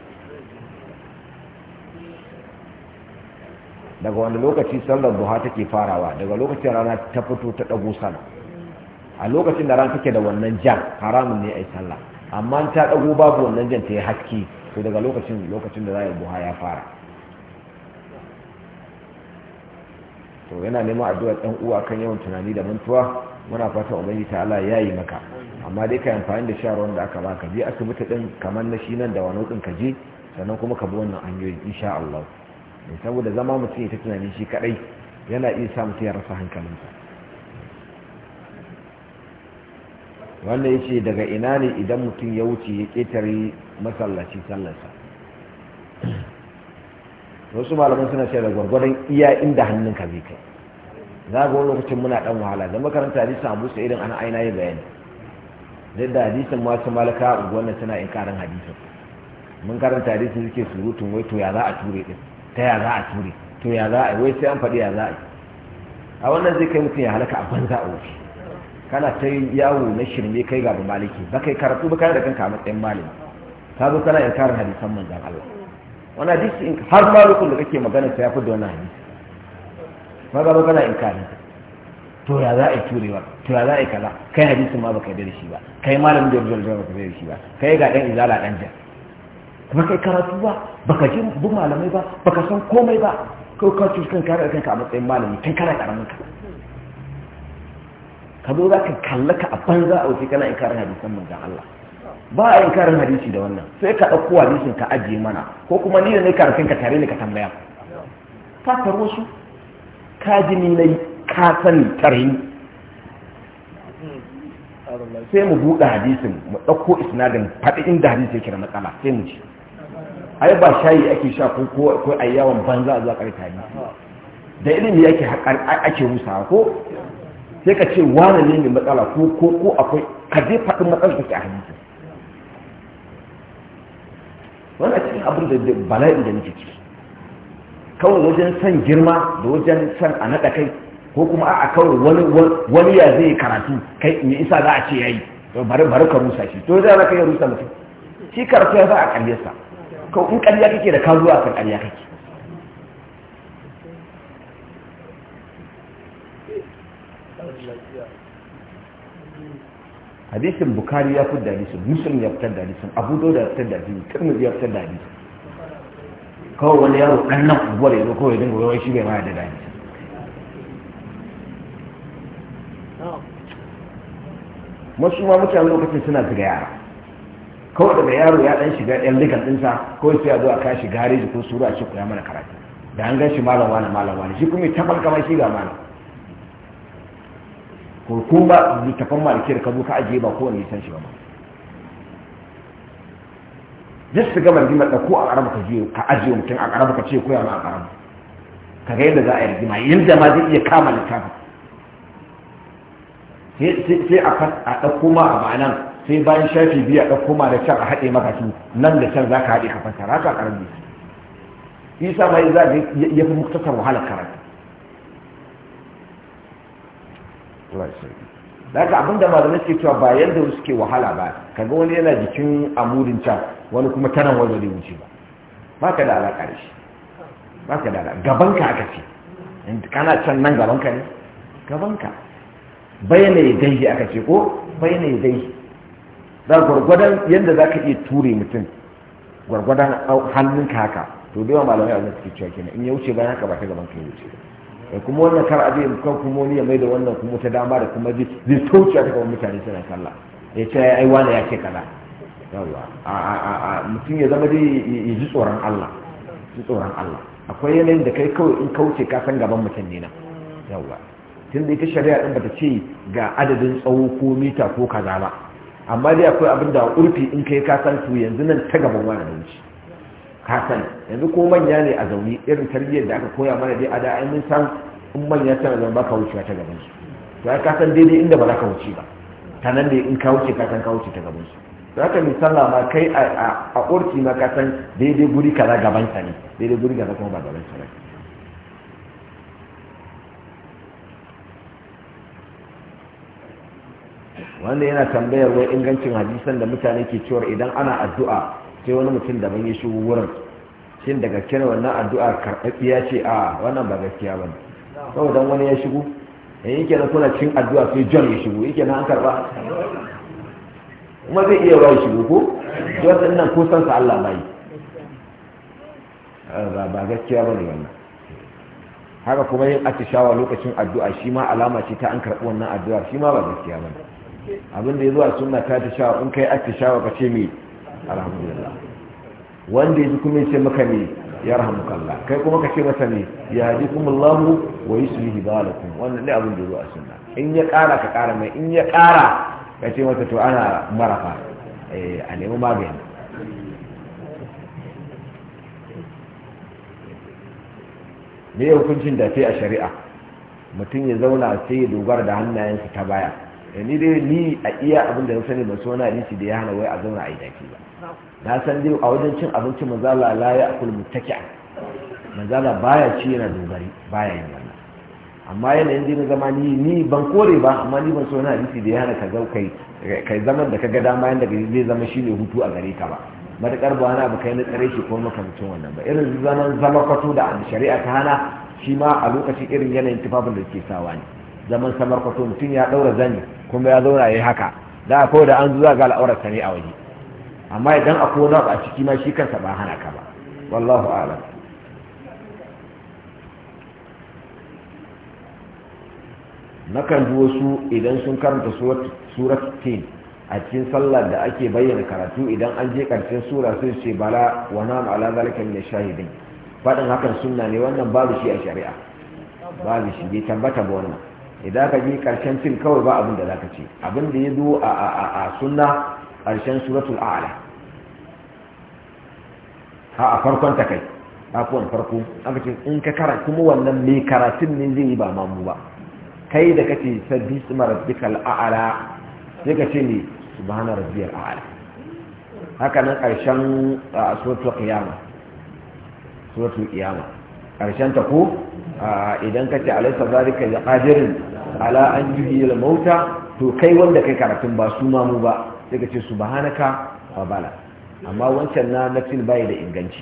Speaker 1: daga wani lokaci sallar buha take farawa daga lokacin rana ta fito ta dago sana a lokacin da rana take da wannan jan haramun ne ai sallah amma ta dago babu wannan jan ta yi haske ko daga lokacin lokacin da za a duha ya fara to yana neman addu'a ɗan uwa kan yawan tunani da mantuwa muna fata ubangi ta Allah ya yi maka amma dai ka amfani da shawarwar da aka baka je asibiti din kamar na shi nan da wani din ka je sannan kuma ka bi wannan in insha Allah saboda zama mutum ya ta tunani shi kadai yana iya sa mutum ya rasa hankalinsa wanda ya ce daga ina ne idan mutum ya wuce ya ƙetare masallaci sallarsa wasu malamin suna da gwargwadon iya inda hannunka zai kai za ga wani lokacin muna dan wahala da makaranta hadisin abu busa irin ana aina ya bayani duk da hadisin masu malaka wannan suna inkarin hadisin mun karanta hadisin suke surutun wai to ya za a ture din ta ya za a ture to ya za a yi wai sai an faɗi ya za a yi a wannan zai kai mutum ya halaka a banza a wuce kana ta yi yawo na shirme kai ga maliki ba kai karatu ba kai da kanka a matsayin malami ka zo kana inkarin hadisan manzan Allah wani hadisi in har malukun da kake magana ta yafi da wani hadisi ba ga kana inkari to ya za a yi turewa to ya za a yi kaza kai hadisin ma baka yarda da shi ba kai malamin da yarda da shi ba kai ga dan izala ɗan jar kai karatu ba baka ji bu malamai ba baka san komai ba ko ka ci kan kare kanka a matsayin malami kai kana karamin ka ka zo za ka kalla ka a banza a wuce kana inkarin hadisan ga Allah ba a inkarin hadisi da wannan sai ka ɗauko hadisin ka ajiye mana ko kuma ni ne ne karatun ka tare ne ka tambaya ka taro su ka ji ni nayi ka sani tare sai mu buɗe hadisin mu ɗauko isnadin faɗi inda hadisi yake da matsala sai mu ci ai ba shayi ake sha ko ko a yawan banza a zuwa karkani da ilimi yake ake musa ko sai ka ce wani ne mai matsala ko ko ko akwai ka je faɗin matsalar take a hannunka wannan cikin abin da bala'in da nake ciki kawai wajen san girma da wajen san a naɗa kai ko kuma a kawai wani ya zai karatu kai me isa za a ce yayi bari bari ka rusa shi to zai ka yi rusa mutum shi karatu ya za a karyarsa ko in ƙarya kake da ka zuwa akan ƙarya kake hadisin bukari ya fi dalisun hadisin ya fitar dalisun hadisin abu dauda ya fitar dalisun hadisin ya fitar dalisun kawai wani yaro ɗan nan unguwar ya zo kawai dinga wani shi bai ma da dalisun masu ma mutane lokacin suna zira yara kawai daga yaro ya dan shiga ɗan likan dinsa kawai sai a zo a kashi gareji ko suru shi ce koya mana karatu da an gan shi malam wani malam wani shi kuma tabar kamar shi ga malam ko ko ba littafan maliki da ka zo ka ajiye ba kowane ya san shi ba ma duk su gama rigimar da ko a ƙarama ka je ka ajiye mutum a ƙarama ka ce koya ma a ƙarama ka ga yadda za a yi rigima yadda ma zai iya kama littafin sai a ɗauko ma a nan. sai bayan shafi biya ɗan koma da can a haɗe maka su nan da can za ka haɗe ka fassara haka ƙarni isa ma za ya fi muktasar wahalar karatu da abin da malamai suke cewa ba yadda wasu ke wahala ba kaga wani yana jikin amurin can wani kuma tanan wajen da wuce ba ba ka da alaƙa da shi ba ka da alaƙa gabanka aka ce kana can nan gabanka ne gabanka bayyana ya dai aka ce ko bayyana ya dai da gwargwadon yadda za ka iya ture mutum gwargwadon hannun haka to da yawa malamai a suke cewa kenan in ya wuce bayan haka ba ta gaban ka yi wuce da kuma wannan kar a zai kan kuma wani ya mai da wannan kuma ta dama da kuma zai tauce ta gaban mutane suna kalla ya ce ai wani ya ce kaza yawa a mutum ya zama dai ya ji tsoron Allah ji tsoron Allah akwai yanayin da kai kawai in kauce ka san gaban mutum ne nan yawwa tun da ita shari'a din ta ce ga adadin tsawo ko mita ko kaza ba amma dai akwai abin da urfi in kai ka san su yanzu nan ta gaban wani wuce ka san yanzu ko manya ne a zaune irin tarbiyyar da aka koya mana dai a da ai mun san in manya tana zama ka wuce ta gaban su to ai ka san daidai inda ba za ka wuce ba ta nan ne in ka wuce ka san ka wuce ta gaban su to haka mai sallah ma kai a urfi ma ka san daidai guri kaza gaban sa ne daidai guri kaza kuma ba gaban sa ne wanda yana tambayar wai ingancin hadisan da mutane ke cewar idan ana addu'a sai wani mutum daban ya shigo wurin shin daga kira wannan addu'a karɓaɓɓiya ce a wannan ba gaskiya ba ne saboda wani ya shigo in eh, yake na kuna cin addu'a sai john ya shigo yake na an karɓa kuma zai iya ba shigo ko john ɗin nan ko san sa allah ba yi ba gaskiya ba ne wannan haka kuma yin atishawa lokacin addu'a shi ma alama ce ta an karɓi wannan addu'a shi ma ba gaskiya ba ne abinda ya zuwa suna ta ta shawa in kai aka shawa ka ce mai alhamdulillah wanda ya ji kuma ce maka ne ya rahamu kalla kai kuma ka ce masa ne ya ji kuma lamu wa yi su yi hibalakun wannan ne abin da ya zuwa suna in ya kara ka kara mai in ya kara ka ce masa to ana marafa eh, a nemi magani me hukuncin da sai a shari'a mutum ya zauna sai ya dogara da hannayensa ta baya Eh, ni dai ni a iya abin da na sani ba su wani hadisi da ya hana wai a zauna a yi daki ba na san dai a wajen cin abinci mazala la ya akul muttaki'a mazala baya ci yana dogari baya yin wannan amma yanayin dai na zama ni ni ban kore ba amma ni ban so wani hadisi da ya hana ka zau kai zaman da ka ga dama yanda zai zama shi ne hutu a gare ka ba matakar ba wani abu kai na tsare shi ko makamcin wannan ba irin zaman zama kwato da shari'a ta hana shi ma a lokacin irin yanayin tufafin da ke sawa ne zaman samar kwato mutum ya ɗaura zani kuma ya zauna ya yi haka da ko da an zuwa ga al'aurar ne a waje amma idan a kona ba a ciki ma shi kansa ba hana ka ba wallahu a'lam kan ji wasu idan sun karanta surat tin a cikin sallar da ake bayyana karatu idan an je karshen sura sun ce bala wa nam ala zalika min shahidin fadin hakan sunna ne wannan babu shi a shari'a babu shi bai tabbata ba wannan idan ka ji karshen fil kawai ba abin da za ka ce abin da ya zo a sunna karshen suratul a'la ha a farkon ta kai afuwan farko aka ce in ka kara kuma wannan mai karatun ne zai yi ba mamu ba kai da kace sabbi isma rabbikal a'la sai ka ce ne subhana rabbiyal a'la haka nan karshen suratul qiyama suratul qiyama karshen ta ko idan ka ce alaisa zarika ya qadirin ala an yuhi ya mauta to kai wanda kai karatun ba su mamu ba sai ka ce hanaka ba bala amma wancan na nafin bayi da inganci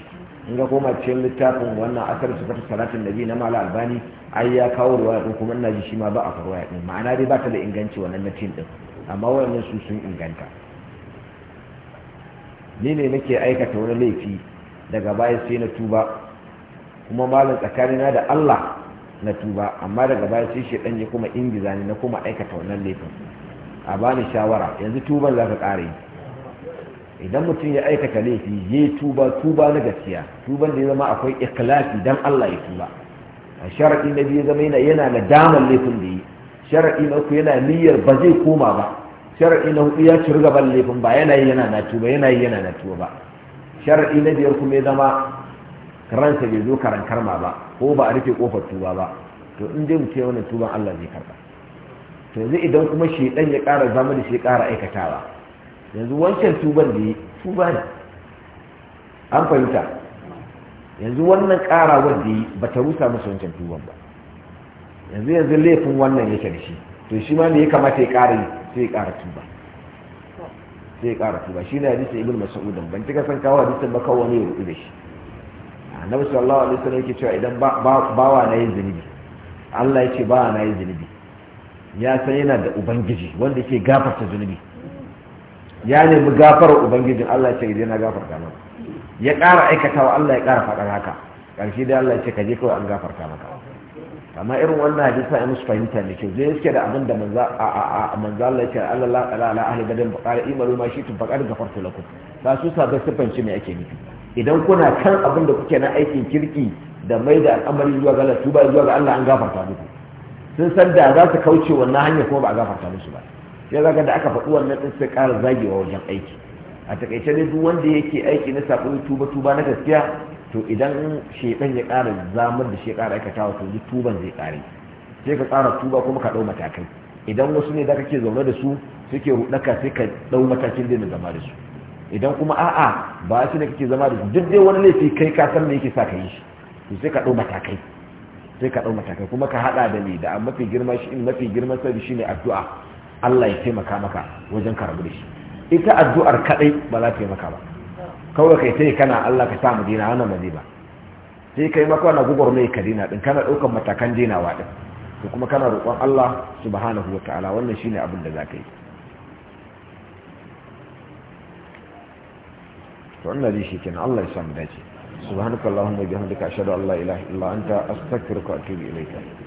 Speaker 1: in ga koma cikin littafin wannan asar su sifatu salatin biyu na mala albani ai ya kawo ruwa din kuma ina ji shi ma ba a faruwa din ma'ana dai ba ta da inganci wannan nafin din amma wannan su sun inganta ni ne nake aikata wani laifi daga baya sai na tuba kuma malam na da Allah na tuba amma daga baya sai shedan ya kuma ingiza ni na kuma aikata wannan laifin a bani shawara yanzu tuban za ka kare idan mutum ya aikata laifi ya tuba tuba na gaskiya tuban da ya zama akwai ikhlasi dan Allah ya tuba a sharadi na biyu zama yana yana damar laifin da yi sharadi na uku yana niyyar ba zai koma ba sharadi na hudu ya ci gaban laifin ba yana yana na tuba yana yi yana na tuba ba sharadi na biyar kuma ya zama ransa bai zo karan karma ba ko ba a rufe kofar tuba ba to in dai mutum wannan tuban Allah zai karba to yanzu idan kuma shedan ya ƙara zama da shi ƙara aikatawa yanzu wancan tuban da yi tuba ne an fahimta yanzu wannan ƙara wanda yi ba ta rusa masa wancan tuban ba yanzu yanzu laifin wannan yake da shi to shi ma me ya kamata ya ƙara yi sai ya ƙara tuba sai ya ƙara tuba shi ne hadisin ibn mas'ud ban kika san kawo hadisin ba kawo ne ya rubu da shi annabi sallallahu alaihi wasallam yake cewa idan bawa na yin zunubi Allah ya ce bawa na yin zunubi ya san yana da ubangiji wanda yake gafarta zunubi ya nemi gafarar ubangijin Allah ya ce idan na gafarta maka ya ƙara aikatawa Allah ya ƙara faɗar haka ƙarshe dai Allah ya ce ka je kawai an gafarta maka amma irin wannan hadisi ya musu fahimta ne kyau zai suke da abin da manzo Allah ya ce Allah la ilaha illa huwa al imaru ma shi tun faqad gafarta lakum ba su sabon sifanci me ake nufi idan kuna kan abin da kuke na aikin kirki da mai da al'amari zuwa ga Allah tuba zuwa ga Allah an gafarta muku sun san da za su kauce wannan hanya kuma ba a gafarta musu ba sai zaka da aka faɗi wannan din sai ƙara zagewa wajen aiki a takaice ne duk wanda yake aiki na sakon tuba tuba na gaskiya to idan shedan ya ƙara zamar da shi ya ƙara aikatawa to duk tuban zai ƙare sai ka ƙara tuba kuma ka ɗau matakai idan wasu ne da kake zaune da su suke ruɗaka sai ka ɗau matakin da zama da su idan kuma a'a ba shi ne kake zama da duk dai wani laifi kai ka san me yake sa ka yi shi to sai ka dau matakai sai ka dau matakai kuma ka hada da ni da mafi girma shi mafi girman sai shine addu'a Allah ya taimaka maka wajen karabu da shi ita addu'ar kadai ba za ta yi maka ba kawai kai sai kana Allah ka sa mu dina wannan ba ba sai kai maka wannan gugur mai ka dina din kana daukan matakan dinawa din to kuma kana roƙon Allah subhanahu wataala wannan shine abin da za ka yi to Allah ji shi kenan Allah ya samu dace subhanakallahumma wa bihamdika ashhadu an la ilaha illa anta astaghfiruka
Speaker 2: wa atubu ilayk